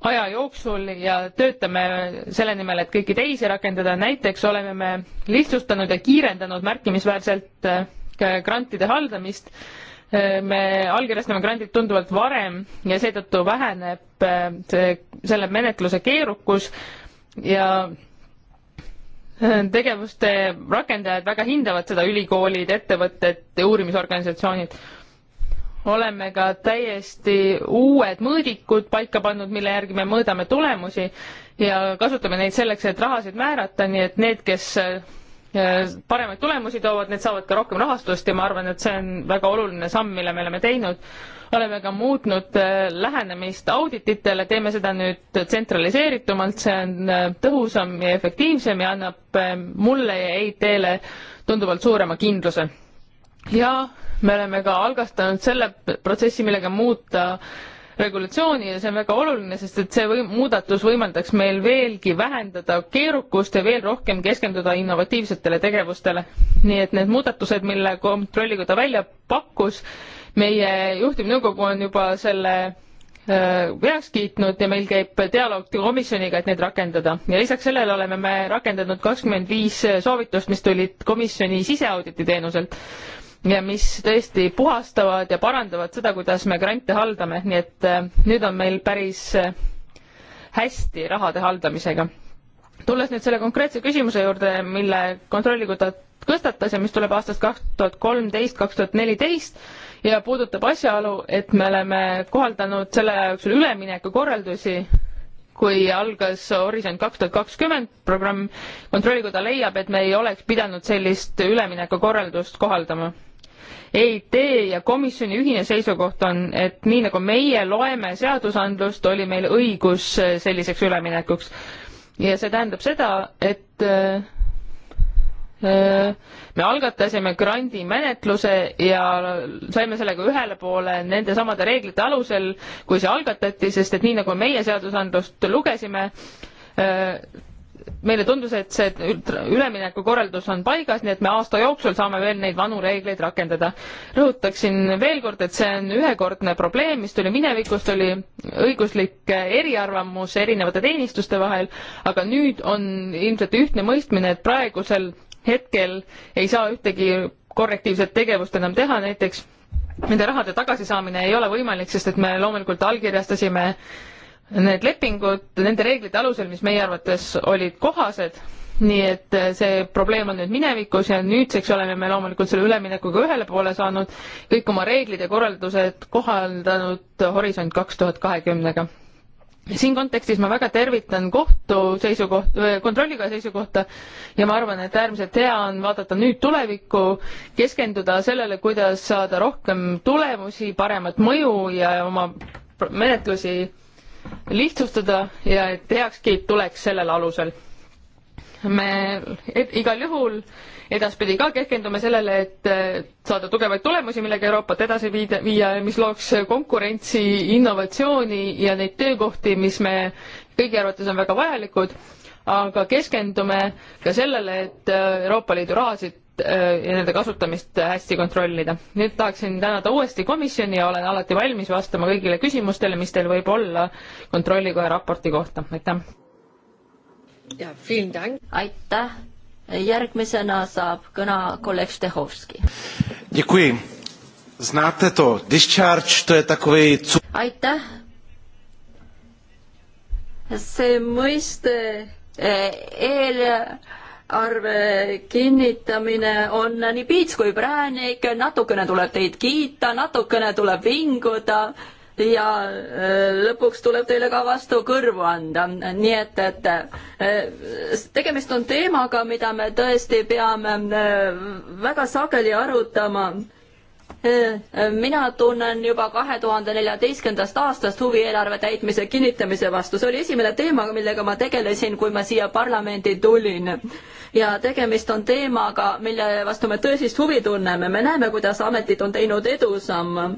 aja jooksul ja töötame selle nimel, et kõiki teisi rakendada, näiteks oleme me lihtsustanud ja kiirendanud märkimisväärselt äh, grantide haldamist me allkirjastame grandid tunduvalt varem ja seetõttu väheneb äh, see, selle menetluse keerukus ja äh, tegevuste rakendajad väga hindavad seda, ülikoolid, ettevõtted, uurimisorganisatsioonid. oleme ka täiesti uued mõõdikud paika pannud, mille järgi me mõõdame tulemusi ja kasutame neid selleks, et rahasid määrata, nii et need, kes paremaid tulemusi toovad, need saavad ka rohkem rahastust ja ma arvan, et see on väga oluline samm, mille me oleme teinud. oleme ka muutnud äh, lähenemist audititele, teeme seda nüüd tsentraliseeritumalt, see on äh, tõhusam ja efektiivsem ja annab äh, mulle ja EIT-le tunduvalt suurema kindluse. ja me oleme ka algastanud selle protsessi, millega muuta regulatsiooni ja see on väga oluline, sest et see või-, muudatus võimaldaks meil veelgi vähendada keerukust ja veel rohkem keskenduda innovatiivsetele tegevustele. nii et need muudatused, mille Kontrollikoda välja pakkus, meie juhtivnõukogu on juba selle äh, heaks kiitnud ja meil käib dialoog komisjoniga, et neid rakendada ja lisaks sellele oleme me rakendanud kakskümmend viis soovitust, mis tulid komisjoni siseauditi teenuselt ja mis tõesti puhastavad ja parandavad seda, kuidas me grante haldame, nii et äh, nüüd on meil päris äh, hästi rahade haldamisega. tulles nüüd selle konkreetse küsimuse juurde, mille kontrollikoda tõstatas ja mis tuleb aastast kaks tuhat kolmteist, kaks tuhat neliteist ja puudutab asjaolu, et me oleme kohaldanud selle aja jooksul üleminekukorraldusi, kui algas Horisont kaks tuhat kakskümmend programm, kontrollikoda leiab, et me ei oleks pidanud sellist üleminekukorraldust kohaldama EIT ja komisjoni ühine seisukoht on, et nii nagu meie loeme seadusandlust, oli meil õigus äh, selliseks üleminekuks. ja see tähendab seda, et äh, äh, me algatasime grandi menetluse ja saime sellega ühele poole nende samade reeglite alusel, kui see algatati, sest et nii nagu meie seadusandlust lugesime, meile tundus, et see üleminekukorraldus on paigas, nii et me aasta jooksul saame veel neid vanu reegleid rakendada. rõhutaksin veel kord, et see on ühekordne probleem, mis tuli minevikust, oli õiguslik eriarvamus erinevate teenistuste vahel, aga nüüd on ilmselt ühtne mõistmine, et praegusel hetkel ei saa ühtegi korrektiivset tegevust enam teha, näiteks nende rahade tagasisaamine ei ole võimalik, sest et me loomulikult allkirjastasime äh, need lepingud nende reeglite alusel, mis meie arvates olid kohased, nii et eh, see probleem on nüüd minevikus ja nüüdseks oleme me loomulikult selle üleminekuga ühele poole saanud, kõik oma reeglid ja korraldused kohaldanud Horisont kaks tuhat kahekümnega. siin kontekstis ma väga tervitan kohtu seisukoht, eh, kontrollikoja seisukohta ja ma arvan, et äärmiselt hea on vaadata nüüd tulevikku, keskenduda sellele, kuidas saada rohkem tulemusi, paremat mõju ja oma menetlusi lihtsustada ja et heakskiit tuleks sellel alusel. me igal juhul edaspidi ka keskendume sellele, et saada tugevaid tulemusi, millega Euroopat edasi viida, viia, mis looks konkurentsi, innovatsiooni ja neid töökohti, mis me kõigi arvates on väga vajalikud, aga keskendume ka sellele, et Euroopa Liidu rahasid Äh, ja nende kasutamist hästi kontrollida. nüüd tahaksin tänada uuesti komisjoni ja olen alati valmis vastama kõigile küsimustele, mis teil võib olla kontrollikoja raporti kohta, aitäh. aitäh, järgmisena saab kõna kolleeg Štehovski. aitäh. see mõiste eh, eel arve kinnitamine on nii piits kui präänik, natukene tuleb teid kiita, natukene tuleb vinguda ja äh, lõpuks tuleb teile ka vastu kõrvu anda, nii et, et äh, tegemist on teemaga, mida me tõesti peame äh, väga sageli arutama mina tunnen juba kahe tuhande neljateistkümnendast aastast huvi eelarve täitmise kinnitamise vastu, see oli esimene teema, millega ma tegelesin, kui ma siia parlamendi tulin. ja tegemist on teemaga, mille vastu me tõsist huvi tunneme, me näeme, kuidas ametid on teinud edusamme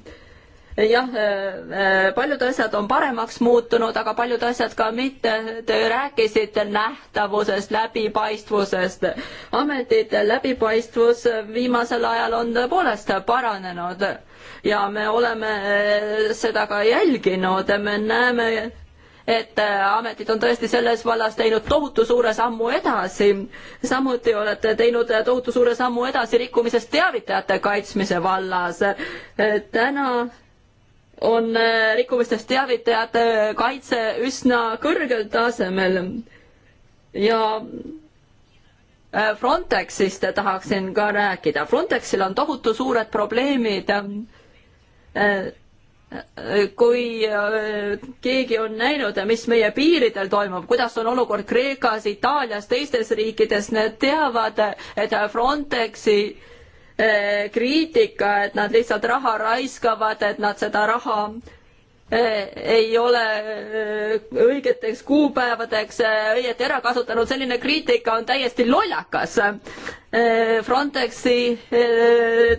jah, äh, äh, paljud asjad on paremaks muutunud, aga paljud asjad ka mitte. Te rääkisite nähtavusest, läbipaistvusest. ametite läbipaistvus viimasel ajal on tõepoolest paranenud ja me oleme äh, seda ka jälginud, me näeme, et ametid on tõesti selles vallas teinud tohutu suure sammu edasi. samuti olete teinud tohutu suure sammu edasi rikkumisest teavitajate kaitsmise vallas. täna on äh, rikkumistest teavitajate äh, kaitse üsna kõrgel tasemel ja äh, Frontexist tahaksin ka rääkida. Frontexil on tohutu suured probleemid. kui keegi on näinud, mis meie piiridel toimub, kuidas on olukord Kreekas, Itaalias, teistes riikides, need teavad, et Frontexi Eh, kriitika, et nad lihtsalt raha raiskavad, et nad seda raha eh, ei ole eh, õigeteks kuupäevadeks õieti ära kasutanud, selline kriitika on täiesti lollakas. Frontexi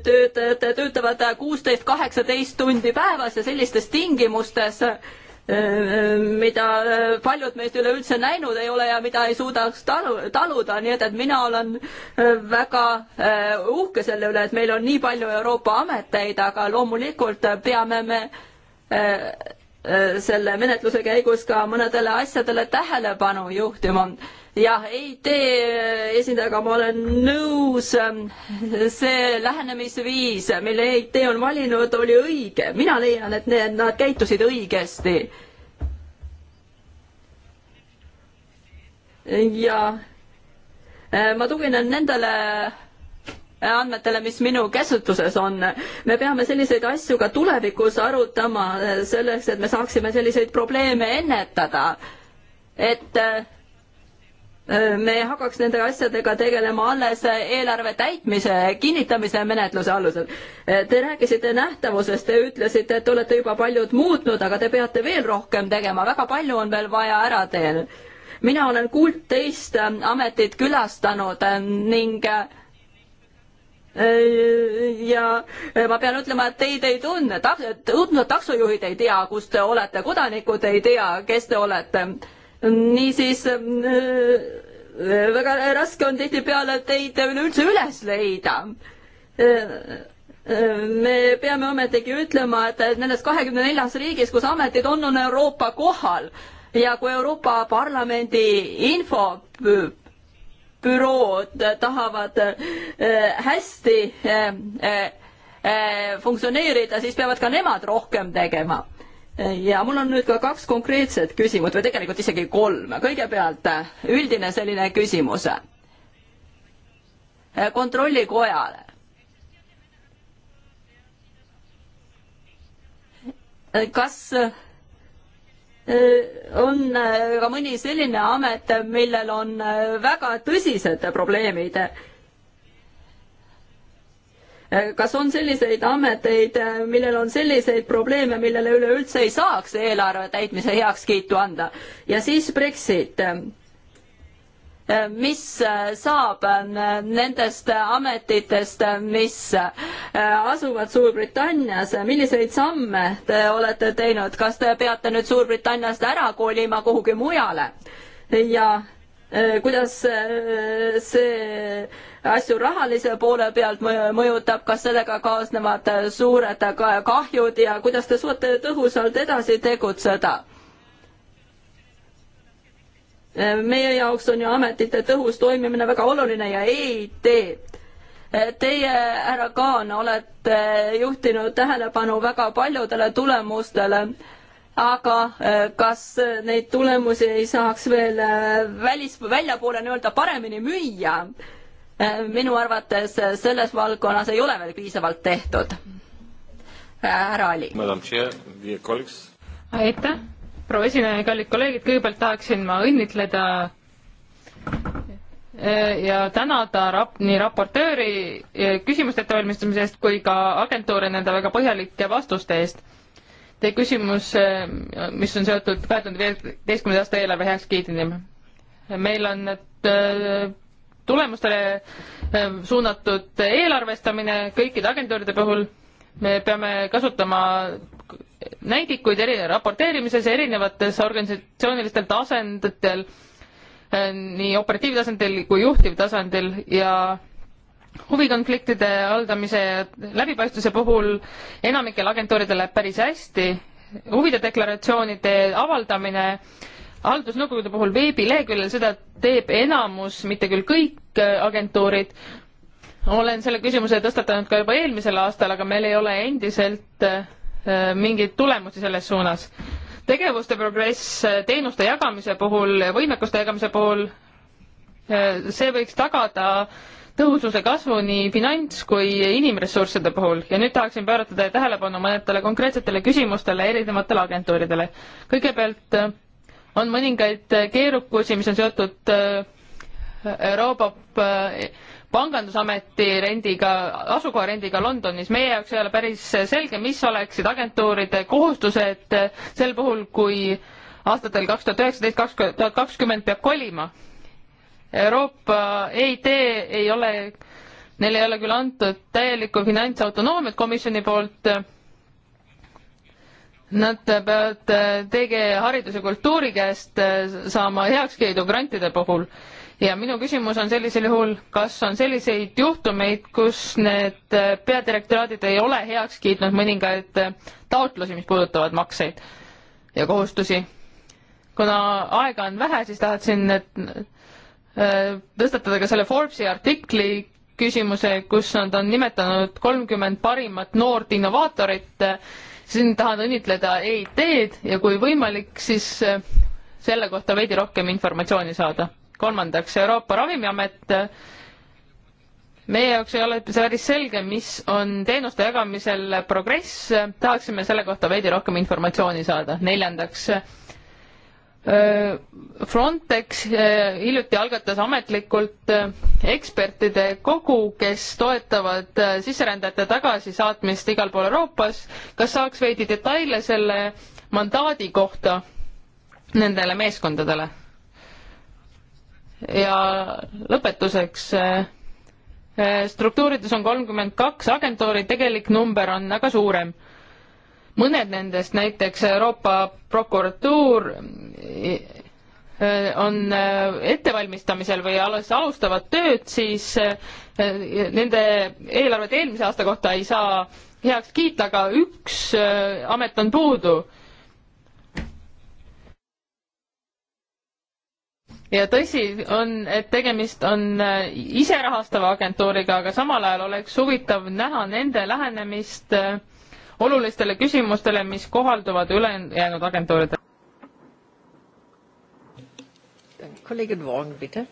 töötajad töötavad kuusteist, kaheksateist tundi päevas ja sellistes tingimustes mida äh, paljud meist üleüldse näinud ei ole ja mida ei suudaks talu, taluda, nii et, et mina olen äh, väga äh, uhke selle üle, et meil on nii palju Euroopa ameteid, aga loomulikult peame me selle menetluse käigus ka mõnedele asjadele tähelepanu juhtima jah, EIT äh, esindajaga ma olen nõus, ähm, see lähenemisviis, mille EIT on valinud, oli õige, mina leian, et need, nad käitusid õigesti. ja äh, ma tuginen nendele andmetele, mis minu käsutuses on. me peame selliseid asju ka tulevikus arutama äh, selleks, et me saaksime selliseid probleeme ennetada. et me hakkaks nende asjadega tegelema alles eelarve täitmise kinnitamise menetluse alusel. Te rääkisite nähtavusest, te ütlesite, et olete juba paljud muutnud, aga te peate veel rohkem tegema, väga palju on veel vaja ära teha. mina olen kuuldteist ametit külastanud äh, ning äh, ja äh, ma pean ütlema, et teid ei tunne, tundnud taksojuhid ei tea, kus te olete, kodanikud ei tea, kes te olete niisiis äh, äh, väga raske on tihtipeale teid üleüldse üles leida äh, me peame ometigi ütlema, et nendes kahekümne neljas riigis, kus ametid on, on Euroopa kohal ja kui Euroopa Parlamendi infobürood tahavad hästi funktsioneerida, siis peavad ka nemad rohkem tegema ja mul on nüüd ka kaks konkreetset küsimust või tegelikult isegi kolm. kõigepealt üldine selline küsimus. kontrollikojale. kas e, on ka mõni selline amet, millel on väga tõsised probleemid kas on selliseid ameteid, millel on selliseid probleeme, millele üleüldse ei saaks eelarve täitmise heakskiitu anda? ja siis Brexit mis saab nendest ametitest, mis asuvad Suurbritannias, milliseid samme te olete teinud, kas te peate nüüd Suurbritanniast ära kolima kuhugi mujale? ja Äh, kuidas äh, see asju rahalise poole pealt mõjutab, kas sellega kaasnevad äh, suured kahjud ja kuidas te suudate tõhusalt edasi tegutseda? meie jaoks on ju ametite tõhus toimimine väga oluline ja EIT. Teie, härra Kaan, olete juhtinud tähelepanu väga paljudele tulemustele aga äh, kas äh, neid tulemusi ei saaks veel äh, välis, väljapoole nii-öelda paremini müüa? minu arvates selles valdkonnas ei ole veel piisavalt tehtud. härra Ali. aitäh, proua esineja, kallid kolleegid, kõigepealt tahaksin ma õnnitleda ja tänada rap-, nii raportööri küsimuste ettevalmistamise eest kui ka agentuure nende väga põhjalike vastuste eest Teie küsimus, eh, mis on seotud kahe tuhande viieteistkümnenda aasta eelarve heakskiitmine. meil on eh, tulemustele eh, suunatud eelarvestamine kõikide agentuuride puhul. me peame kasutama näidikuid eri raporteerimises erinevates organisatsioonilistel tasanditel, nii operatiivtasandil kui juhtivtasandil ja huvikonfliktide haldamise läbipaistvuse puhul enamikel agentuuridel läheb päris hästi, huvide deklaratsioonide avaldamine haldusnõukogude puhul veebileheküljel, seda teeb enamus, mitte küll kõik äh, agentuurid. olen selle küsimuse tõstatanud ka juba eelmisel aastal, aga meil ei ole endiselt äh, mingeid tulemusi selles suunas. tegevuste progress äh, teenuste jagamise puhul, võimekuste jagamise puhul, see võiks tagada äh, tõhususe kasvu nii finants kui inimressursside puhul ja nüüd tahaksin pöörata teie tähelepanu mõnedele konkreetsetele küsimustele erinevatele agentuuridele. kõigepealt äh, on mõningaid äh, keerukusi, mis on seotud äh, Euroopa pangandusameti rendiga, asukoha rendiga Londonis, meie jaoks ei ole päris selge, mis oleksid agentuuride kohustused sel puhul, kui aastatel kaks tuhat üheksateist, kaks tuhat kakskümmend peab kolima Euroopa EIT ei ole, neile ei ole küll antud täielikku finantsautonoomiat komisjoni poolt. Nad peavad äh, TG Hariduse Kultuuri käest äh, saama heakskiidu grantide puhul ja minu küsimus on sellisel juhul, kas on selliseid juhtumeid, kus need äh, peadirektoraadid ei ole heaks kiitnud mõningaid taotlusi, mis puudutavad makseid ja kohustusi? kuna aega on vähe, siis tahaksin, et tõstatada ka selle Forbesi artikli küsimuse, kus nad on nimetanud kolmkümmend parimat noort innovaatorit. siin tahan õnnitleda EIT-d ja kui võimalik, siis eh, selle kohta veidi rohkem informatsiooni saada. kolmandaks, Euroopa Ravimiamet. meie jaoks ei ole päris selge, mis on teenuste jagamisel progress, tahaksime selle kohta veidi rohkem informatsiooni saada. neljandaks Äh, Frontex äh, hiljuti algatas ametlikult äh, ekspertide kogu, kes toetavad sisserändajate tagasisaatmist igal pool Euroopas. kas saaks veidi detaile selle mandaadi kohta nendele meeskondadele? ja lõpetuseks, struktuurides on kolmkümmend kaks agentuuri, tegelik number on aga suurem mõned nendest, näiteks Euroopa prokuratuur, eh, on eh, ettevalmistamisel või alles alustavad tööd, siis eh, nende eelarvet eelmise aasta kohta ei saa heaks kiita, aga üks amet on puudu. ja tõsi on, et tegemist on iserahastava agentuuriga, aga samal ajal oleks huvitav näha nende lähenemist äh, olulistele küsimustele, mis kohalduvad ülejäänud agentuuridele. kolleegid Voon, bitte.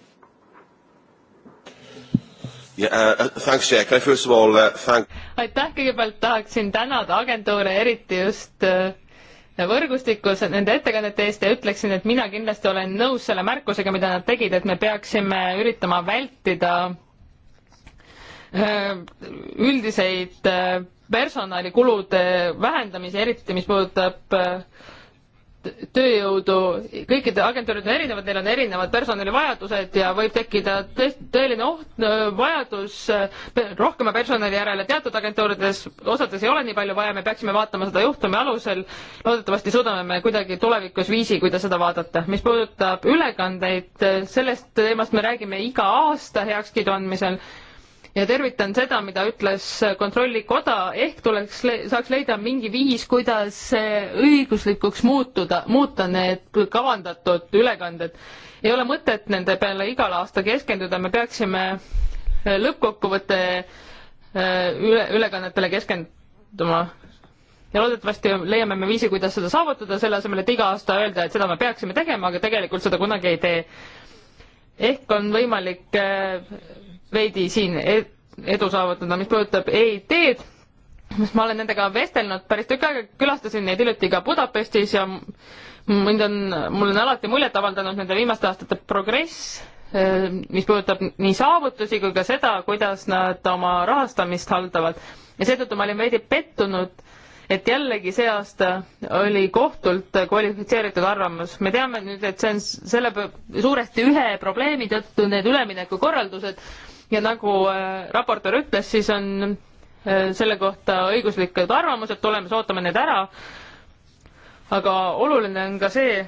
Yeah, äh, uh, thanks, Jack. Can I first of all uh, thank aitäh, kõigepealt tahaksin tänada agentuure, eriti just uh, võrgustikus nende ettekannete eest ja ütleksin, et mina kindlasti olen nõus selle märkusega, mida nad tegid, et me peaksime üritama vältida üldiseid personalikulude vähendamise, eriti mis puudutab äh, tööjõudu, kõikide agentuurid on erinevad, neil on erinevad personalivajadused ja võib tekkida tõeline oht, äh, vajadus äh, rohkema personali järele teatud agentuurides, osades ei ole nii palju vaja, me peaksime vaatama seda juhtumi alusel. loodetavasti suudame me kuidagi tulevikus viisi, kuidas seda vaadata. mis puudutab ülekandeid, sellest teemast me räägime iga aasta heakskiidu andmisel ja tervitan seda, mida ütles Kontrollikoda, ehk tuleks, saaks leida mingi viis, kuidas õiguslikuks muutuda, muuta need kavandatud ülekanded. ei ole mõtet nende peale igal aastal keskenduda, me peaksime eh, lõppkokkuvõtte eh, üle, ülekannetele keskenduma ja loodetavasti leiame me viisi, kuidas seda saavutada, selle asemel, et iga aasta öelda, et seda me peaksime tegema, aga tegelikult seda kunagi ei tee. ehk on võimalik eh, veidi siin edu saavutada, mis puudutab EIT-d, sest ma olen nendega vestelnud päris tükk aega, külastasin neid hiljuti ka Budapestis ja mind on, mul on alati muljet avaldanud nende viimaste aastate progress, eh, mis puudutab nii saavutusi kui ka seda, kuidas nad oma rahastamist haldavad. ja seetõttu ma olin veidi pettunud, et jällegi see aasta oli kohtult kvalifitseeritud arvamus. me teame nüüd, et see on selle suuresti ühe probleemi tõttu need üleminekukorraldused ja nagu äh, raportöör ütles, siis on äh, selle kohta õiguslikud arvamused tulemas, ootame need ära. aga oluline on ka see,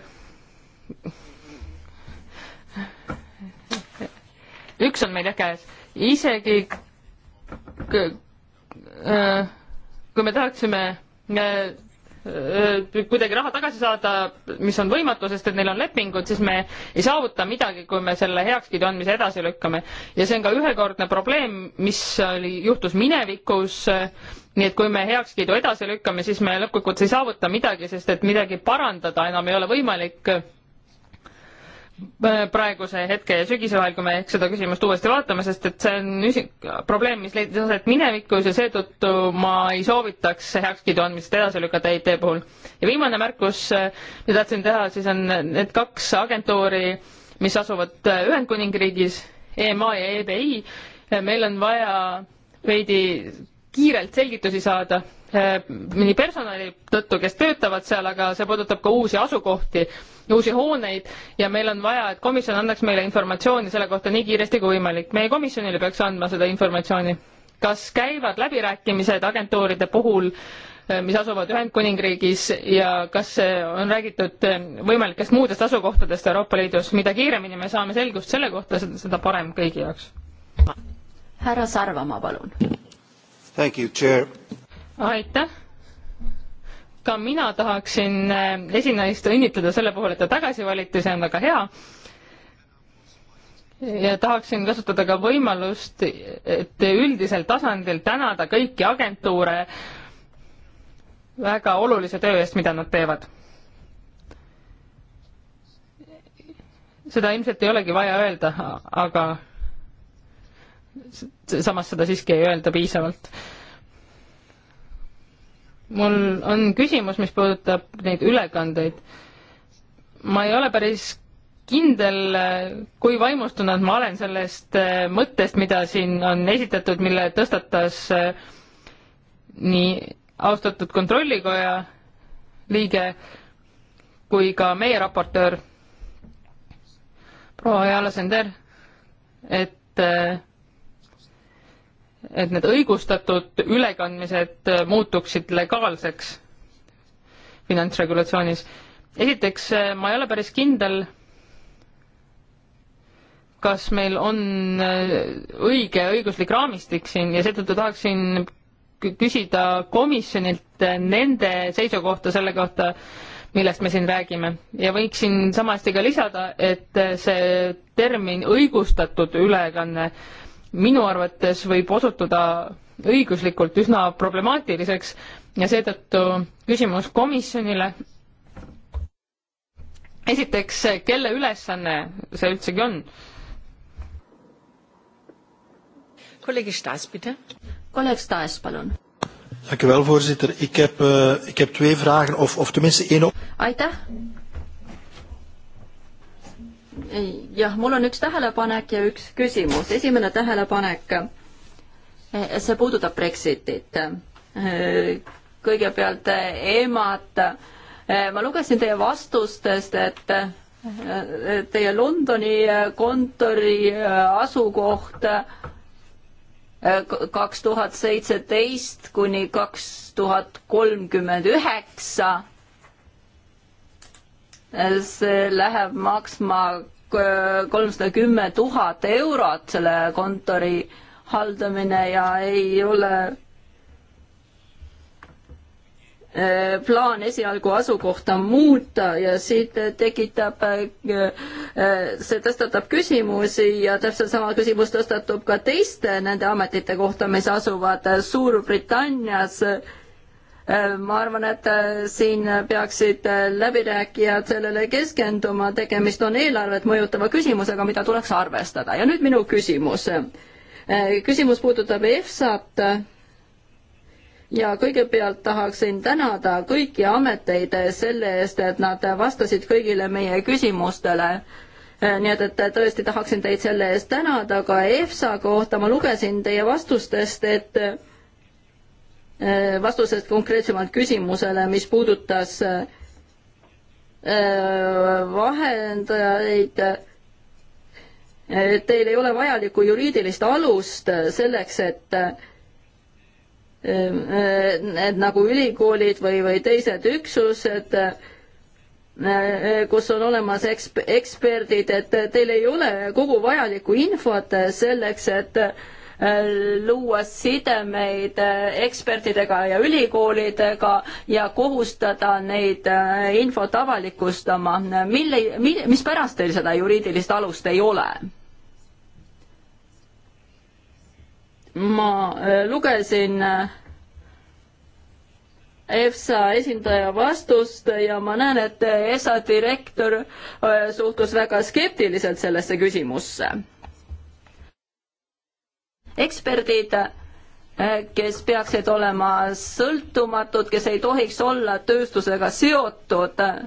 üks on meil jah käes, isegi äh, kui me tahaksime Äh, kuidagi raha tagasi saada, mis on võimatu, sest et neil on lepingud, siis me ei saavuta midagi, kui me selle heakskiidu andmise edasi lükkame. ja see on ka ühekordne probleem, mis oli, juhtus minevikus, nii et kui me heakskiidu edasi lükkame, siis me lõppkokkuvõttes ei saavuta midagi, sest et midagi parandada enam ei ole võimalik Äh, praeguse hetke ja sügise vahel, kui me ehk seda küsimust uuesti vaatame, sest et see on üsi-, probleem, mis leidis aset minevikus ja seetõttu ma ei soovitaks heakskiidu andmist edasi lükata EIT puhul. ja viimane märkus, äh, mida tahtsin teha, siis on need kaks agentuuri, mis asuvad äh, Ühendkuningriigis, EMA ja EBI, meil on vaja veidi kiirelt selgitusi saada Äh, nii personali tõttu, kes töötavad seal, aga see puudutab ka uusi asukohti, uusi hooneid ja meil on vaja, et komisjon annaks meile informatsiooni selle kohta nii kiiresti kui võimalik. meie komisjonile peaks andma seda informatsiooni. kas käivad läbirääkimised agentuuride puhul, äh, mis asuvad Ühendkuningriigis ja kas äh, on räägitud võimalikest muudest asukohtadest Euroopa Liidus, mida kiiremini me saame selgust selle kohta, seda parem kõigi jaoks. härra Sarvamaa, palun. Thank you, chair aitäh! ka mina tahaksin äh, esinaist õnnitleda selle puhul, et ta tagasi valiti, see on väga hea. ja tahaksin kasutada ka võimalust, et üldisel tasandil tänada kõiki agentuure väga olulise töö eest, mida nad teevad. seda ilmselt ei olegi vaja öelda, aga samas seda siiski ei öelda piisavalt mul on küsimus, mis puudutab neid ülekandeid. ma ei ole päris kindel, kui vaimustunud ma olen sellest eh, mõttest, mida siin on esitatud, mille tõstatas eh, nii austatud Kontrollikoja liige kui ka meie raportöör proua Jala Sender, et eh, et need õigustatud ülekandmised muutuksid legaalseks finantsregulatsioonis. esiteks, ma ei ole päris kindel, kas meil on õige õiguslik raamistik siin ja seetõttu tahaksin küsida komisjonilt nende seisukohta selle kohta, millest me siin räägime. ja võiksin sama hästi ka lisada, et see termin õigustatud ülekanne äh, minu arvates võib osutuda õiguslikult üsna problemaatiliseks ja seetõttu küsimus komisjonile. esiteks, kelle ülesanne see üldsegi on? kolleeg Stas, bitte. kolleeg Stas, palun. Dank u wel, voorzitter. Ik heb, uh, ik heb twee vragen, of, of tenminste één op. Aitäh jah, mul on üks tähelepanek ja üks küsimus. esimene tähelepanek, eh, see puudutab Brexitit. Eh, kõigepealt eh, emad, ma lugesin teie vastustest, et teie Londoni kontori asukoht kaks tuhat seitseteist kuni kaks tuhat kolmkümmend üheksa see läheb maksma äh, kolmsada kümme tuhat eurot, selle kontori haldamine ja ei ole äh, plaan esialgu asukohta muuta ja siit tekitab, äh, see tõstatab küsimusi ja täpselt sama küsimus tõstatub ka teiste nende ametite kohta, mis asuvad Suurbritannias Äh, ma arvan, et äh, siin peaksid äh, läbirääkijad sellele keskenduma, tegemist on eelarvet mõjutava küsimusega, mida tuleks arvestada ja nüüd minu küsimus. küsimus puudutab EFSA-t ja kõigepealt tahaksin tänada kõiki ameteid selle eest, et nad vastasid kõigile meie küsimustele nii et, et tõesti tahaksin teid selle eest tänada, aga EFSA kohta ma lugesin teie vastustest, et Äh, vastusest konkreetsemalt küsimusele, mis puudutas äh, vahendajaid. Teil ei ole vajalikku juriidilist alust selleks, et äh, et nagu ülikoolid või, või teised üksused, kus on olemas eksp-, eksperdid, et teil ei ole kogu vajalikku infot selleks, et Äh, luua sidemeid äh, ekspertidega ja ülikoolidega ja kohustada neid äh, infot avalikustama. mille, mispärast teil seda juriidilist alust ei ole? ma lugesin EFSA esindaja vastust ja ma näen, et EFSA direktor suhtus väga skeptiliselt sellesse küsimusse eksperdid, eh, kes peaksid olema sõltumatud, kes ei tohiks olla tööstusega seotud, eh,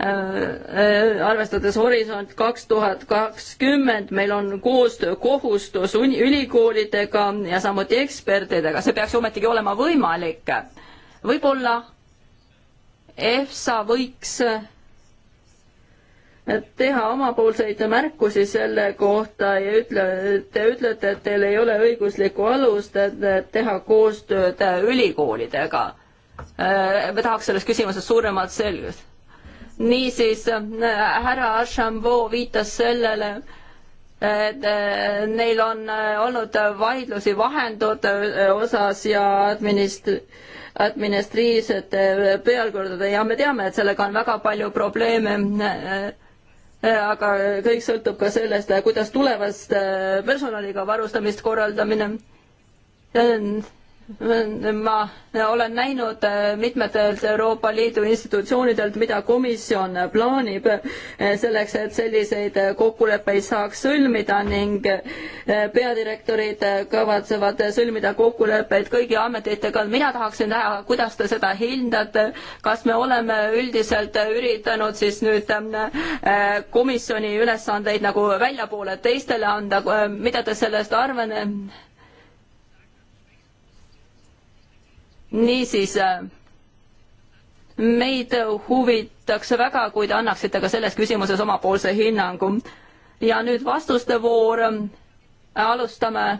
eh, arvestades Horisont kaks tuhat kakskümmend, meil on koostöökohustus ülikoolidega ja samuti ekspertidega, see peaks ometigi olema võimalik. võib-olla EFSA võiks teha omapoolseid märkusi selle kohta ja ütle, te ütlete, et teil ei ole õiguslikku alust teha koostööd äh, ülikoolidega. Äh, me tahaks selles küsimuses suuremat selgust. niisiis äh, härra Archambault viitas sellele, et neil on olnud vaidlusi vahendute osas ja administ-, administriivsete pealkordade ja me teame, et sellega on väga palju probleeme aga kõik sõltub ka sellest, kuidas tulevast äh, personaliga varustamist korraldamine ma olen näinud äh, mitmetelt Euroopa Liidu institutsioonidelt, mida komisjon plaanib äh, selleks, et selliseid äh, kokkuleppeid saaks sõlmida ning peadirektorid kavatsevad sõlmida kokkuleppeid kõigi ametitega. mina tahaksin näha, kuidas te seda hindate, kas me oleme üldiselt üritanud siis nüüd komisjoni ülesandeid nagu väljapoole teistele anda, mida te sellest arvate? niisiis äh, meid huvitaks väga, kui te annaksite ka selles küsimuses omapoolse hinnangu. ja nüüd vastuste voor. alustame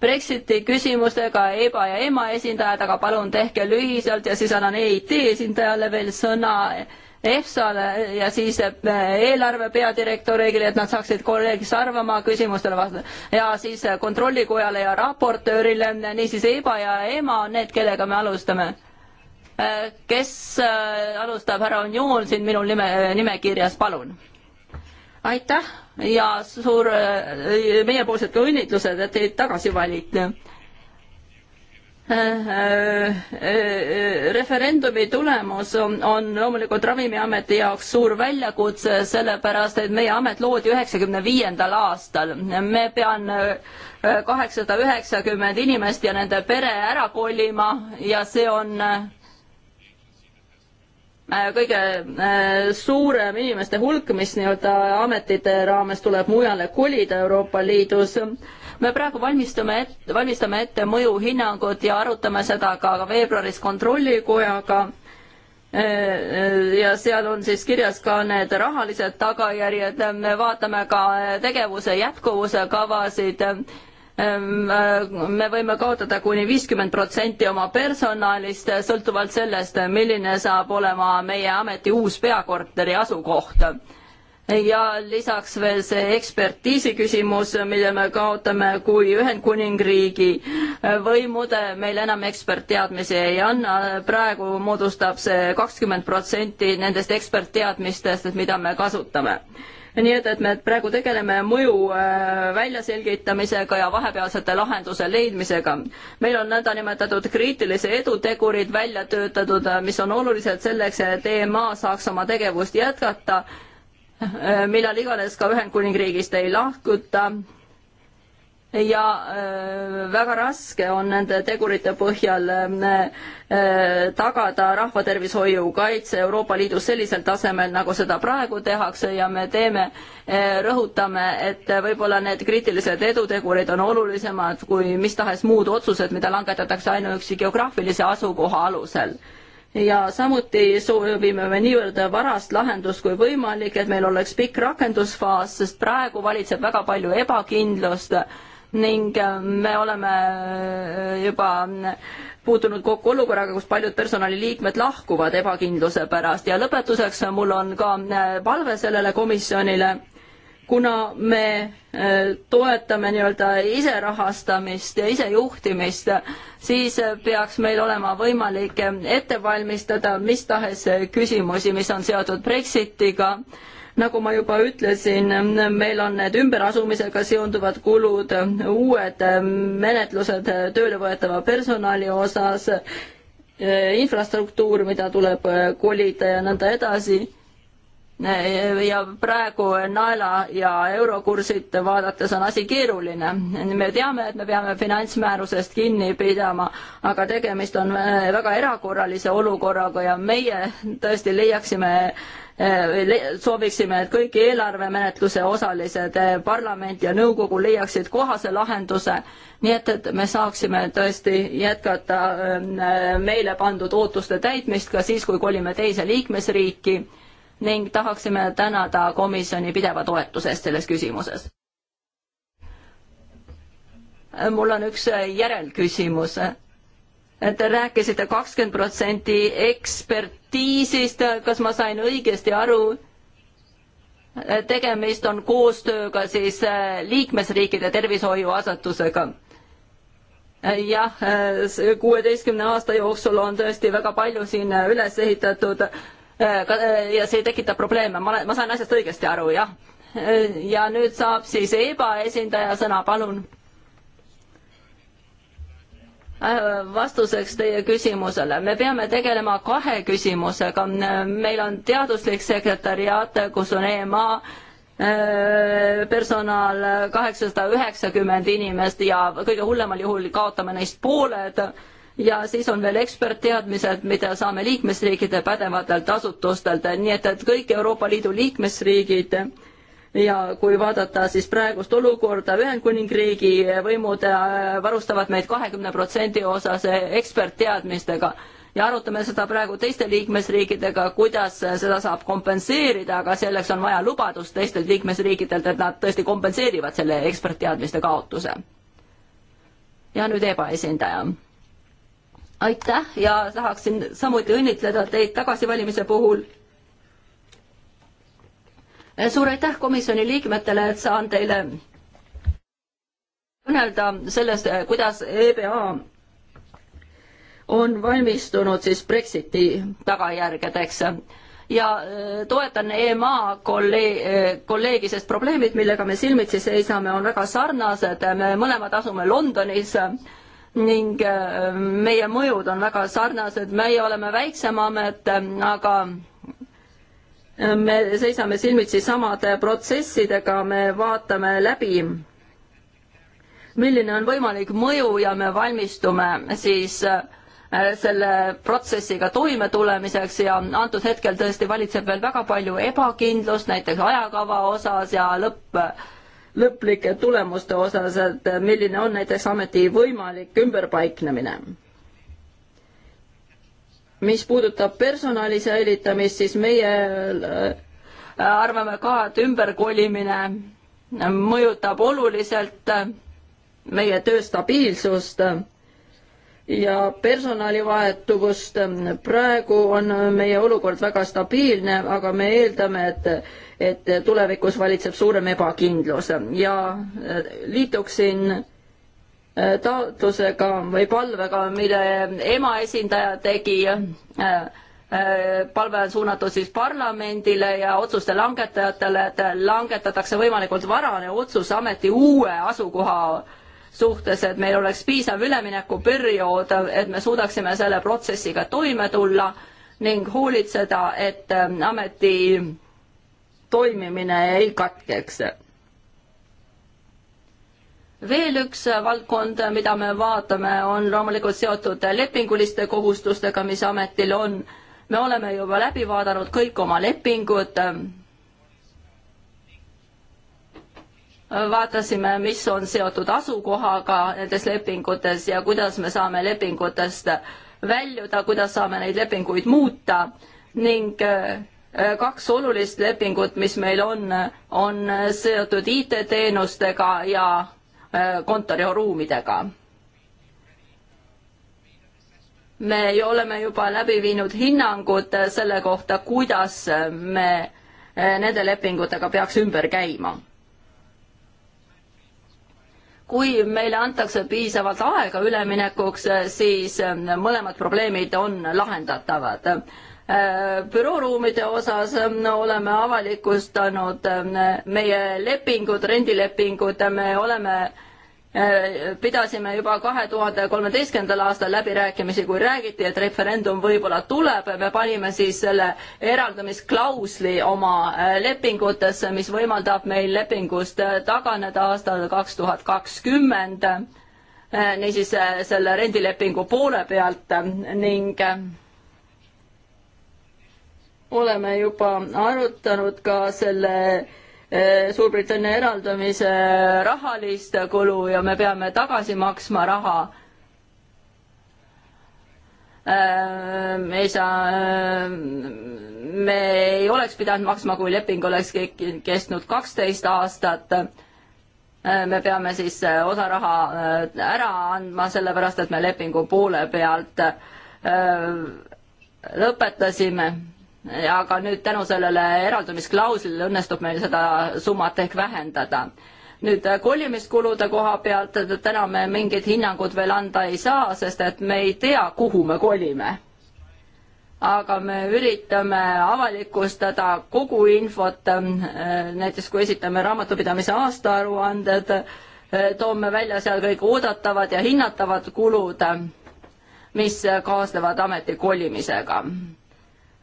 Brexiti küsimustega EBA ja EMA esindajad, aga palun tehke lühiselt ja siis annan EIT esindajale veel sõna EFSA-le ja siis eh, eelarve peadirektorile, et nad saaksid kolleeg Sarvamaa küsimustele vastata ja siis eh, kontrollikojale ja raportöörile, eh, niisiis EBA ja EMA on need, kellega me alustame. kes alustab, härra Onjoon siin minu nime, nimekirjas, palun. aitäh ja suur, meiepoolsed ka õnnitlused, et teid tagasi valiti Äh, äh, äh, referendumi tulemus on, on loomulikult Ravimiameti jaoks suur väljakutse, sellepärast et meie amet loodi üheksakümne viiendal aastal. me pean kaheksasada üheksakümmend inimest ja nende pere ära kolima ja see on kõige suurem inimeste hulk, mis nii-öelda ametite raames tuleb mujale kolida Euroopa Liidus me praegu valmistume ette, valmistame ette mõjuhinnangut ja arutame seda ka veebruaris kontrollikojaga äh, äh, ja seal on siis kirjas ka need rahalised tagajärjed, me vaatame ka tegevuse jätkuvuse kavasid, ähm, äh, me võime kaotada kuni viiskümmend protsenti oma personalist, sõltuvalt sellest, milline saab olema meie ameti uus peakorteri asukoht ja lisaks veel see ekspertiisi küsimus, mille me kaotame, kui Ühendkuningriigi võimud meile enam ekspertteadmisi ei anna. praegu moodustab see kakskümmend protsenti nendest ekspertteadmistest, mida me kasutame nii et, et me praegu tegeleme mõju äh, väljaselgitamisega ja vahepealsete lahenduse leidmisega. meil on nõndanimetatud kriitilise edutegurid välja töötatud, äh, mis on olulised selleks, et EMA saaks oma tegevust jätkata Äh, millal iganes ka Ühendkuningriigist ei lahkuta. ja äh, väga raske on nende tegurite põhjal äh, tagada rahvatervishoiu kaitse Euroopa Liidus sellisel tasemel, nagu seda praegu tehakse ja me teeme, rõhutame, et võib-olla need kriitilised edutegurid on olulisemad kui mis tahes muud otsused, mida langetatakse ainuüksi geograafilise asukoha alusel ja samuti soovime me niivõrd varast lahendust kui võimalik, et meil oleks pikk rakendusfaas, sest praegu valitseb väga palju ebakindlust ning me oleme juba puutunud kokku olukorraga, kus paljud personaliliikmed lahkuvad ebakindluse pärast ja lõpetuseks mul on ka palve sellele komisjonile kuna me äh, toetame nii-öelda iserahastamist ja isejuhtimist, siis äh, peaks meil olema võimalik äh, ette valmistada mis tahes küsimusi, mis on seotud Brexitiga. nagu ma juba ütlesin, meil on need ümberasumisega seonduvad kulud, uued menetlused tööle võetava personali osas, infrastruktuur, mida tuleb kolida ja nõnda edasi ja praegu naela ja eurokursid vaadates on asi keeruline. me teame, et me peame finantsmäärusest kinni pidama, aga tegemist on äh, väga erakorralise olukorraga ja meie tõesti leiaksime äh, sooviksime, et kõik eelarvemenetluse osalised, äh, parlament ja nõukogu leiaksid kohase lahenduse, nii et, et me saaksime tõesti jätkata meile pandud ootuste täitmist ka siis, kui kolime teise liikmesriiki ning tahaksime tänada komisjoni pideva toetuse eest selles küsimuses. mul on üks järelküsimus. Te rääkisite kakskümmend protsenti ekspertiisist, kas ma sain õigesti aru, tegemist on koostööga siis liikmesriikide tervishoiuasutusega jah, kuueteistkümne aasta jooksul on tõesti väga palju siin üles ehitatud Äh, äh, ja see tekitab probleeme, ma olen, ma saan asjast õigesti aru, jah? Äh, ja nüüd saab siis EBA esindaja sõna, palun. vastuseks teie küsimusele, me peame tegelema kahe küsimusega, meil on teaduslik sekretäriaat, kus on EMA, personal kaheksasada üheksakümmend inimest ja kõige hullemal juhul kaotame neist pooled ja siis on veel ekspertteadmised, mida saame liikmesriikide pädevatelt asutustelt, nii et, et kõik Euroopa Liidu liikmesriigid ja kui vaadata siis praegust olukorda, Ühendkuningriigi võimud äh, varustavad meid kahekümne protsendi osas ekspertteadmistega ja arutame seda praegu teiste liikmesriikidega, kuidas seda saab kompenseerida, aga selleks on vaja lubadust teistelt liikmesriikidelt, et nad tõesti kompenseerivad selle ekspertteadmiste kaotuse. ja nüüd EBA esindaja aitäh ja tahaksin samuti õnnitleda teid tagasivalimise puhul. suur aitäh komisjoni liikmetele, et saan teile kõnelda sellest, kuidas EBA on valmistunud siis Brexiti tagajärgedeks ja äh, toetan EMA kolleeg, äh, kolleegi, sest probleemid, millega me silmitsi seisame, on väga sarnased, me mõlemad asume Londonis ning äh, meie mõjud on väga sarnased, meie oleme väiksem amet, äh, aga me seisame silmitsi samade protsessidega, me vaatame läbi, milline on võimalik mõju ja me valmistume siis äh, selle protsessiga toime tulemiseks ja antud hetkel tõesti valitseb veel väga palju ebakindlust, näiteks ajakava osas ja lõpp lõplike tulemuste osas, et milline on näiteks ameti võimalik ümberpaiknemine. mis puudutab personali säilitamist, siis meie äh, arvame ka, et ümberkolimine mõjutab oluliselt meie töö stabiilsust ja personalivahetuvust. praegu on meie olukord väga stabiilne, aga me eeldame, et, et tulevikus valitseb suurem ebakindlus ja äh, liituksin äh, taotlusega või palvega, mille ema esindaja tegi. Äh, palve on suunatud siis parlamendile ja otsuste langetajatele, et langetatakse võimalikult varane otsus ameti uue asukoha suhtes, et meil oleks piisav üleminekuperiood, et me suudaksime selle protsessiga toime tulla ning hoolitseda, et ähm, ameti toimimine ei katkeks. veel üks valdkond, mida me vaatame, on loomulikult seotud lepinguliste kohustustega, mis ametil on. me oleme juba läbi vaadanud kõik oma lepingud ähm, vaatasime, mis on seotud asukohaga nendes lepingutes ja kuidas me saame lepingutest väljuda, kuidas saame neid lepinguid muuta ning äh, kaks olulist lepingut, mis meil on, on seotud IT-teenustega ja äh, kontoriruumidega me oleme juba läbi viinud hinnangud selle kohta, kuidas me äh, nende lepingutega peaks ümber käima kui meile antakse piisavalt aega üleminekuks, siis ähm, mõlemad probleemid on lahendatavad. Äh, bürooruumide osas ähm, oleme avalikustanud ähm, meie lepingud, rendilepingud, me oleme Äh, pidasime juba kahe tuhande kolmeteistkümnendal aastal läbirääkimisi, kui räägiti, et referendum võib-olla tuleb, me panime siis selle eraldumisklausli oma äh, lepingutesse, mis võimaldab meil lepingust äh, taganeda aastal kaks tuhat kakskümmend, niisiis selle rendilepingu poole pealt ning oleme juba arutanud ka selle Eh, Suurbritannia eraldumise rahalist kulu ja me peame tagasi maksma raha. me eh, ei saa, eh, me ei oleks pidanud maksma, kui leping oleks kestnud kaksteist aastat me peame siis osa raha ära andma, sellepärast et me lepingu poole pealt lõpetasime aga nüüd tänu sellele eraldumisklauslile õnnestub meil seda summat ehk vähendada. nüüd äh, kolimiskulude koha pealt täna me mingit hinnangut veel anda ei saa, sest et me ei tea, kuhu me kolime. aga me üritame avalikustada kogu infot, äh, näiteks kui esitame raamatupidamise aastaaruanded, äh, toome välja seal kõik oodatavad ja hinnatavad kulud, mis kaasnevad ameti kolimisega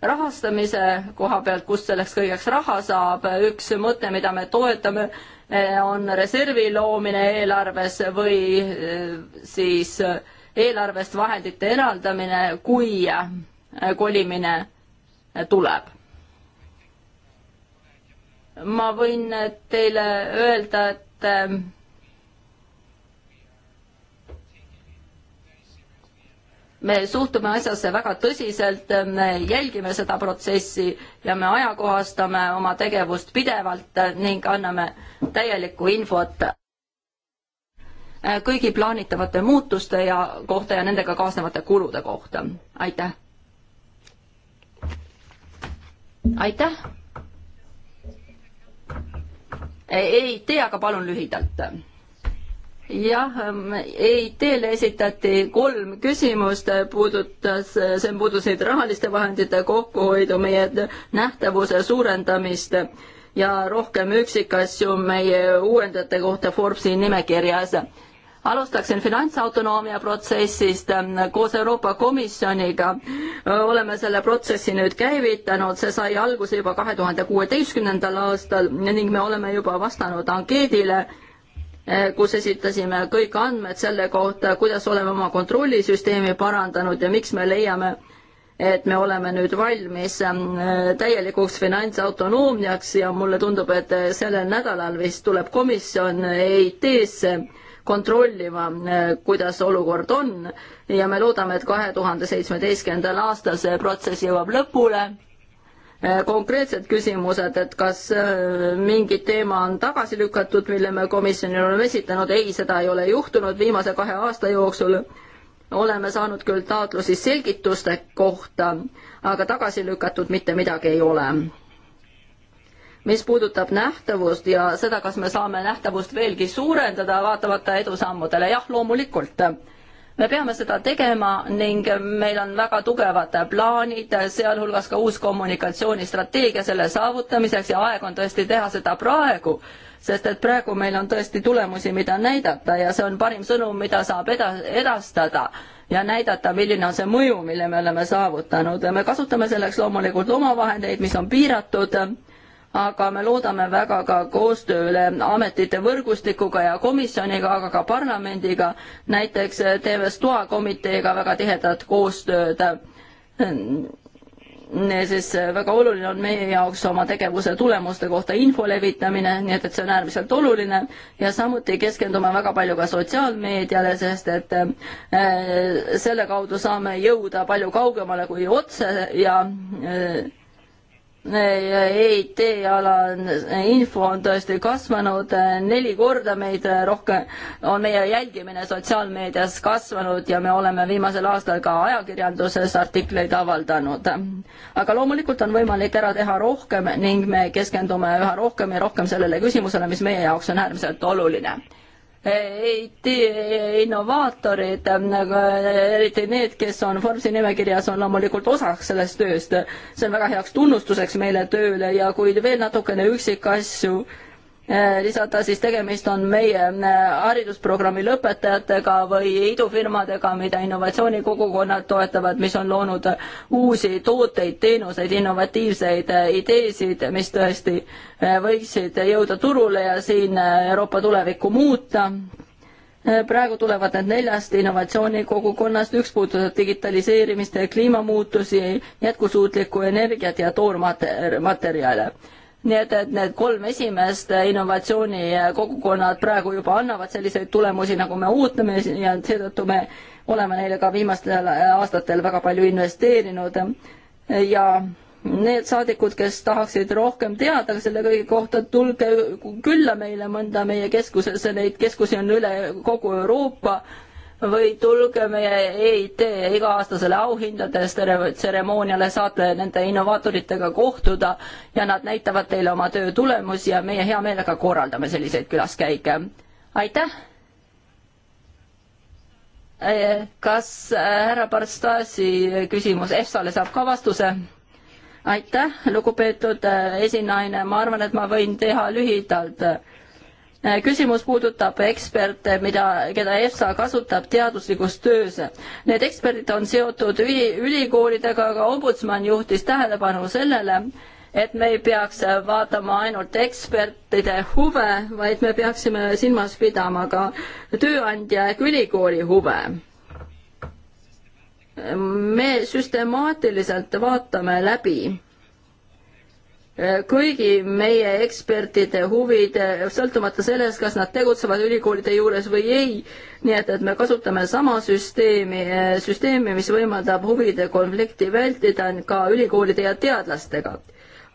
rahastamise koha pealt, kust selleks kõigeks raha saab, üks mõte, mida me toetame, eh, on reservi loomine eelarves või eh, siis eh, eelarvest vahendite eraldamine, kui kolimine tuleb. ma võin teile öelda, et me suhtume asjasse väga tõsiselt, me jälgime seda protsessi ja me ajakohastame oma tegevust pidevalt ning anname täielikku infot kõigi plaanitavate muutuste ja kohta ja nendega kaasnevate kulude kohta. aitäh! aitäh! ei tea, aga palun lühidalt jah, EIT-le esitati kolm küsimust, puudutas, see puudusid rahaliste vahendite kokkuhoidu, meie nähtavuse suurendamist ja rohkem üksikasju meie uuendajate kohta Forbesi nimekirjas. alustaksin finantsautonoomia protsessist koos Euroopa Komisjoniga. oleme selle protsessi nüüd käivitanud, see sai alguse juba kahe tuhande kuueteistkümnendal aastal ning me oleme juba vastanud ankeedile Eh, kus esitasime kõik andmed selle kohta, kuidas oleme oma kontrollisüsteemi parandanud ja miks me leiame, et me oleme nüüd valmis eh, täielikuks finantsautonoomiaks ja mulle tundub, et sellel nädalal vist tuleb komisjon EIT-sse kontrollima, eh, kuidas olukord on ja me loodame, et kahe tuhande seitsmeteistkümnendal aastal see protsess jõuab lõpule Äh, konkreetsed küsimused, et kas äh, mingi teema on tagasi lükatud, mille me komisjonile oleme esitanud, ei, seda ei ole juhtunud viimase kahe aasta jooksul. oleme saanud küll taotlusi selgituste kohta, aga tagasi lükatud mitte midagi ei ole. mis puudutab nähtavust ja seda, kas me saame nähtavust veelgi suurendada, vaatamata edusammudele, jah, loomulikult me peame seda tegema ning meil on väga tugevad plaanid, sealhulgas ka uus kommunikatsioonistrateegia selle saavutamiseks ja aeg on tõesti teha seda praegu, sest et praegu meil on tõesti tulemusi, mida näidata ja see on parim sõnum, mida saab eda-, edastada ja näidata, milline on see mõju, mille me oleme saavutanud. me kasutame selleks loomulikult omavahendeid, mis on piiratud aga me loodame väga ka koostööle ametite võrgustikuga ja komisjoniga, aga ka parlamendiga. näiteks teeme STOA komiteega väga tihedat koostööd. siis väga oluline on meie jaoks oma tegevuse tulemuste kohta info levitamine, nii et, et see on äärmiselt oluline ja samuti keskendume väga palju ka sotsiaalmeediale, sest et eh, selle kaudu saame jõuda palju kaugemale kui otse ja eh, Äh, ja EIT alane äh, info on tõesti kasvanud äh, neli korda meid rohkem, on meie jälgimine sotsiaalmeedias kasvanud ja me oleme viimasel aastal ka ajakirjanduses artikleid avaldanud. aga loomulikult on võimalik ära teha rohkem ning me keskendume üha rohkem ja rohkem sellele küsimusele, mis meie jaoks on äärmiselt oluline E IT-innovaatorid, eriti need, kes on Forbesi nimekirjas, on loomulikult osaks sellest tööst. see on väga heaks tunnustuseks meile tööle ja kui veel natukene üksikasju äh, Äh, lisada, siis tegemist on meie äh, haridusprogrammi lõpetajatega või idufirmadega, mida innovatsioonikogukonnad toetavad, mis on loonud uusi tooteid, teenuseid, innovatiivseid äh, ideesid, mis tõesti võiksid jõuda turule ja siin Euroopa tulevikku muuta praegu tulevad need neljast innovatsioonikogukonnast, üks puudutab digitaliseerimist, kliimamuutusi, jätkusuutlikku energiat ja toormaterjale nii et, et need kolm esimest innovatsioonikogukonnad praegu juba annavad selliseid tulemusi, nagu me ootame ja seetõttu me oleme neile ka viimastel aastatel väga palju investeerinud ja need saadikud, kes tahaksid rohkem teada selle kõige kohta, tulge külla meile mõnda meie keskusesse, neid keskusi on üle kogu Euroopa või tulge meie EIT iga-aastasele auhindade tseremooniale, saate nende innovaatoritega kohtuda ja nad näitavad teile oma töö tulemusi ja meie hea meelega korraldame selliseid külaskäike. aitäh! Eh, kas eh, härra Barstasi küsimus EFSA-le saab ka vastuse? aitäh, lugupeetud eh, esinaine, ma arvan, et ma võin teha lühidalt Äh, küsimus puudutab eksperte, mida, keda EFSA kasutab teaduslikus töös. Need eksperdid on seotud üli, ülikoolidega, aga ombudsman juhtis tähelepanu sellele, et me ei peaks vaatama ainult ekspertide huve, vaid me peaksime silmas pidama ka tööandja ehk ülikooli huve. me süstemaatiliselt vaatame läbi kõigi meie ekspertide huvid, sõltumata sellest, kas nad tegutsevad ülikoolide juures või ei. nii et, et me kasutame sama süsteemi, süsteemi, mis võimaldab huvide konflikti vältida ka ülikoolide ja teadlastega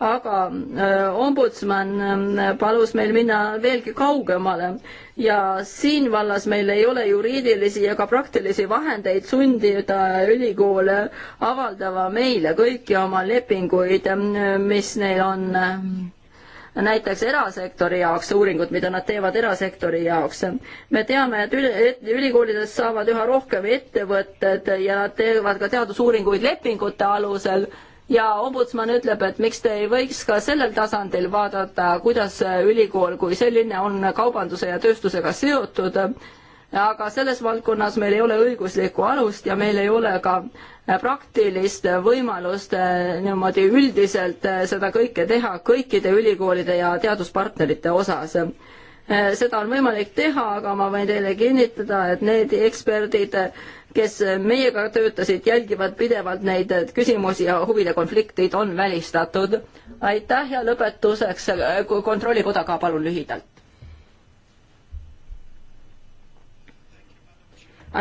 aga äh, ombudsman äh, palus meil minna veelgi kaugemale ja siin vallas meil ei ole juriidilisi ega praktilisi vahendeid sundida ülikoole avaldama meile kõiki oma lepinguid, äh, mis neil on näiteks erasektori jaoks, uuringud, mida nad teevad erasektori jaoks. me teame, et, üli, et ülikoolidest saavad üha rohkem ettevõtted ja nad teevad ka teadusuuringuid lepingute alusel ja ombudsman ütleb, et miks te ei võiks ka sellel tasandil vaadata, kuidas ülikool kui selline on kaubanduse ja tööstusega seotud, aga selles valdkonnas meil ei ole õiguslikku alust ja meil ei ole ka praktilist võimalust eh, niimoodi üldiselt eh, seda kõike teha kõikide ülikoolide ja teaduspartnerite osas Äh, seda on võimalik teha, aga ma võin teile kinnitada, et need eksperdid, kes meiega töötasid, jälgivad pidevalt neid küsimusi ja huvide konfliktid on välistatud. aitäh ja lõpetuseks äh, kontrollikoda ka palun lühidalt.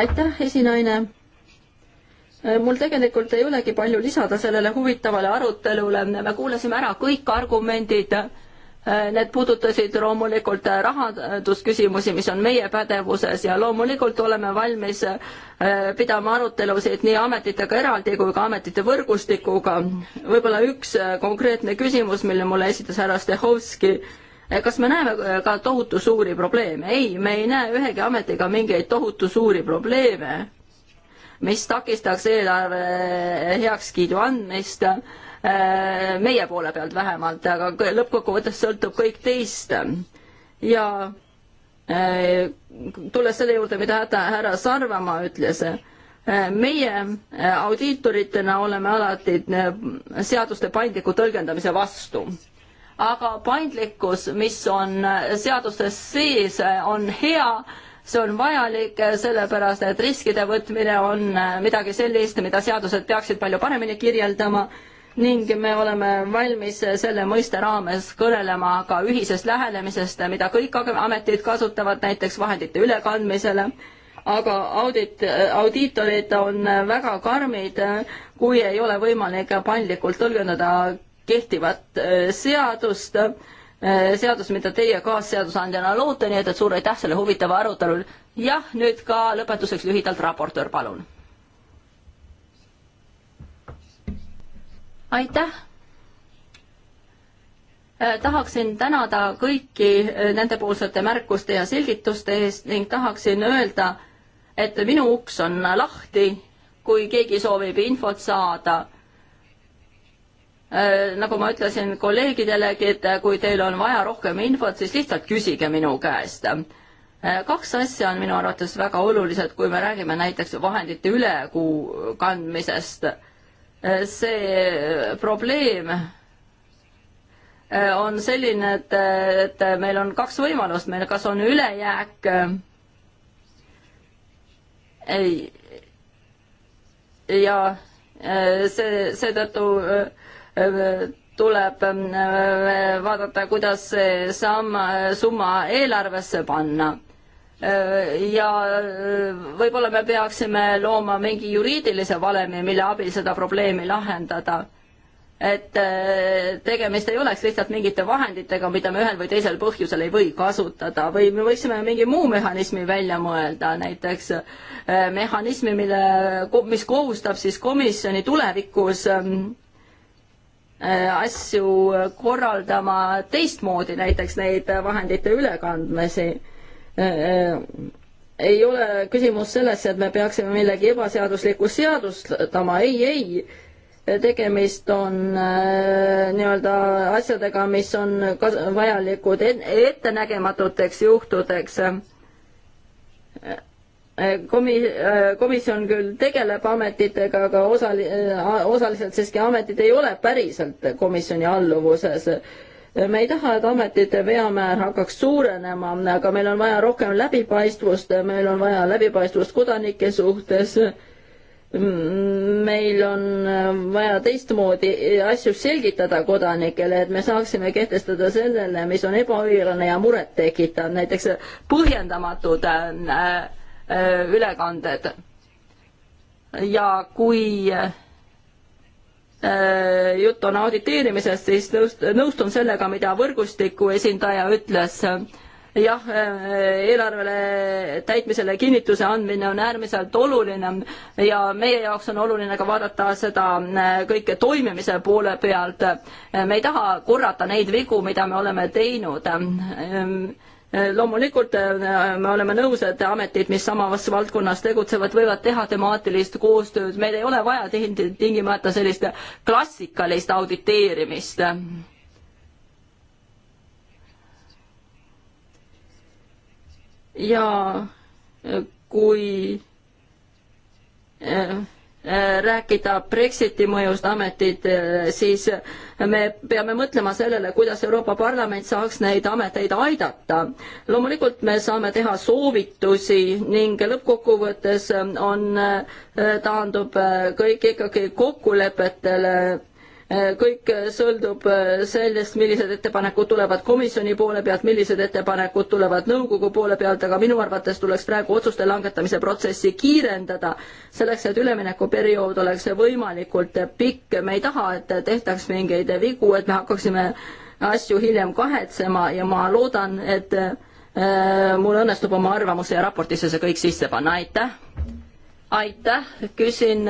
aitäh, esinaine äh, mul tegelikult ei olegi palju lisada sellele huvitavale arutelule, me kuulasime ära kõik argumendid Äh, need puudutasid loomulikult äh, rahandusküsimusi, mis on meie pädevuses ja loomulikult oleme valmis äh, pidama arutelusid nii ametitega eraldi kui ka ametite võrgustikuga. võib-olla üks konkreetne küsimus, mille mulle esitas härra Stehovski. kas me näeme ka tohutu suuri probleeme? ei, me ei näe ühegi ametiga mingeid tohutu suuri probleeme, mis takistaks eelarve heakskiidu andmist Äh, meie poole pealt vähemalt, aga lõppkokkuvõttes sõltub kõik teist. ja äh, tulles selle juurde, mida härra Sarvamaa ütles, äh, meie audiitoritena oleme alati seaduste paindliku tõlgendamise vastu. aga paindlikkus, mis on seadustes sees, on hea see on vajalik, sellepärast et riskide võtmine on midagi sellist, mida seadused peaksid palju paremini kirjeldama ning me oleme valmis selle mõiste raames kõnelema ka ühisest lähenemisest, mida kõik ametid kasutavad näiteks vahendite ülekandmisele, aga audit, audiitorid on väga karmid, kui ei ole võimalik paindlikult tõlgendada kehtivat eh, seadust, eh, seadus, mida teie kaasseadusandjana loote, nii et, et suur aitäh selle huvitava arutelul. jah, nüüd ka lõpetuseks lühidalt raportöör, palun aitäh! Äh, tahaksin tänada kõiki äh, nendepoolsete märkuste ja selgituste eest ning tahaksin öelda, et minu uks on lahti, kui keegi soovib infot saada äh, nagu ma ütlesin kolleegidelegi, et kui teil on vaja rohkem infot, siis lihtsalt küsige minu käest. kaks asja on minu arvates väga olulised, kui me räägime näiteks vahendite ülekandmisest see äh, probleem äh, on selline, et, äh, et meil on kaks võimalust, meil kas on ülejääk ei, ja see, seetõttu tuleb vaadata, kuidas see samm, summa eelarvesse panna ja äh, võib-olla me peaksime looma mingi juriidilise valemi, mille abil seda probleemi lahendada. et äh, tegemist ei oleks lihtsalt mingite vahenditega, mida me ühel või teisel põhjusel ei või kasutada või me võiksime mingi muu mehhanismi välja mõelda, näiteks äh, mehhanismi, mille, mis kohustab siis komisjoni tulevikus ähm, asju korraldama teistmoodi, näiteks neid vahendite ülekandmisi Äh, äh, ei ole küsimus selles, et me peaksime millegi ebaseaduslikku seadustama, ei, ei. tegemist on äh, nii-öelda asjadega, mis on vajalikud ettenägematuteks juhtudeks komi-, komisjon küll tegeleb ametitega, aga osali-, osaliselt siiski ametid ei ole päriselt komisjoni alluvuses me ei taha, et ametite veamäär hakkaks suurenema, aga meil on vaja rohkem läbipaistvust, meil on vaja läbipaistvust kodanike suhtes. meil on vaja teistmoodi asju selgitada kodanikele, et me saaksime kehtestada sellele, mis on ebaõiglane ja murettekitav, näiteks põhjendamatud äh, äh, ülekanded. ja kui äh, Äh, jutt on auditeerimisest, siis nõust-, nõustun sellega, mida võrgustiku esindaja ütles. jah, äh, eelarvele täitmisele kinnituse andmine on äärmiselt oluline ja meie jaoks on oluline ka vaadata seda äh, kõike toimimise poole pealt. me ei taha korrata neid vigu, mida me oleme teinud Eh, loomulikult eh, me oleme nõus, et ametid, mis samas valdkonnas tegutsevad, võivad teha temaatilist koostööd, meil ei ole vaja tingimata sellist klassikalist auditeerimist. ja kui eh, Äh, rääkida Brexiti mõjust ametit, äh, siis me peame mõtlema sellele, kuidas Euroopa Parlament saaks neid ameteid aidata. loomulikult me saame teha soovitusi ning lõppkokkuvõttes on, äh, taandub kõik ikkagi kokkulepetele kõik sõltub äh, sellest, millised ettepanekud tulevad komisjoni poole pealt, millised ettepanekud tulevad nõukogu poole pealt, aga minu arvates tuleks praegu otsuste langetamise protsessi kiirendada, selleks et üleminekuperiood oleks võimalikult pikk, me ei taha, et tehtaks mingeid vigu, et me hakkaksime asju hiljem kahetsema ja ma loodan, et äh, mul õnnestub oma arvamuse ja raportisse see kõik sisse panna, aitäh! aitäh, küsin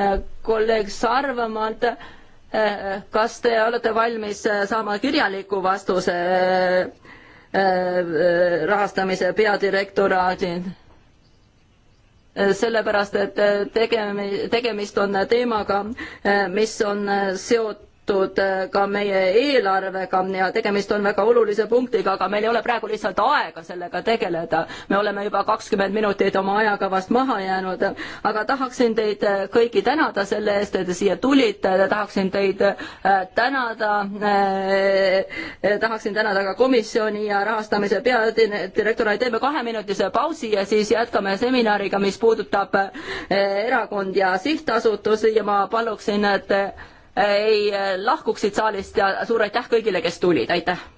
kolleeg Sarvamaalt kas te olete valmis äh, saama kirjaliku vastuse äh, äh, rahastamise peadirektoraadilt? sellepärast, et tegemi-, tegemist on teemaga, mis on seotud seotud äh, ka meie eelarvega ja tegemist on väga olulise punktiga, aga meil ei ole praegu lihtsalt aega sellega tegeleda. me oleme juba kakskümmend minutit oma ajakavast maha jäänud, aga tahaksin teid äh, kõiki tänada selle eest, et te siia tulite, tahaksin teid äh, tänada eh,, tahaksin tänada ka komisjoni ja rahastamise peadirektoreid, teeme kaheminutise pausi ja siis jätkame seminariga, mis puudutab eh, erakond ja sihtasutusi ja ma paluksin, et ei eh, lahkuksid saalist ja suur aitäh kõigile, kes tulid, aitäh!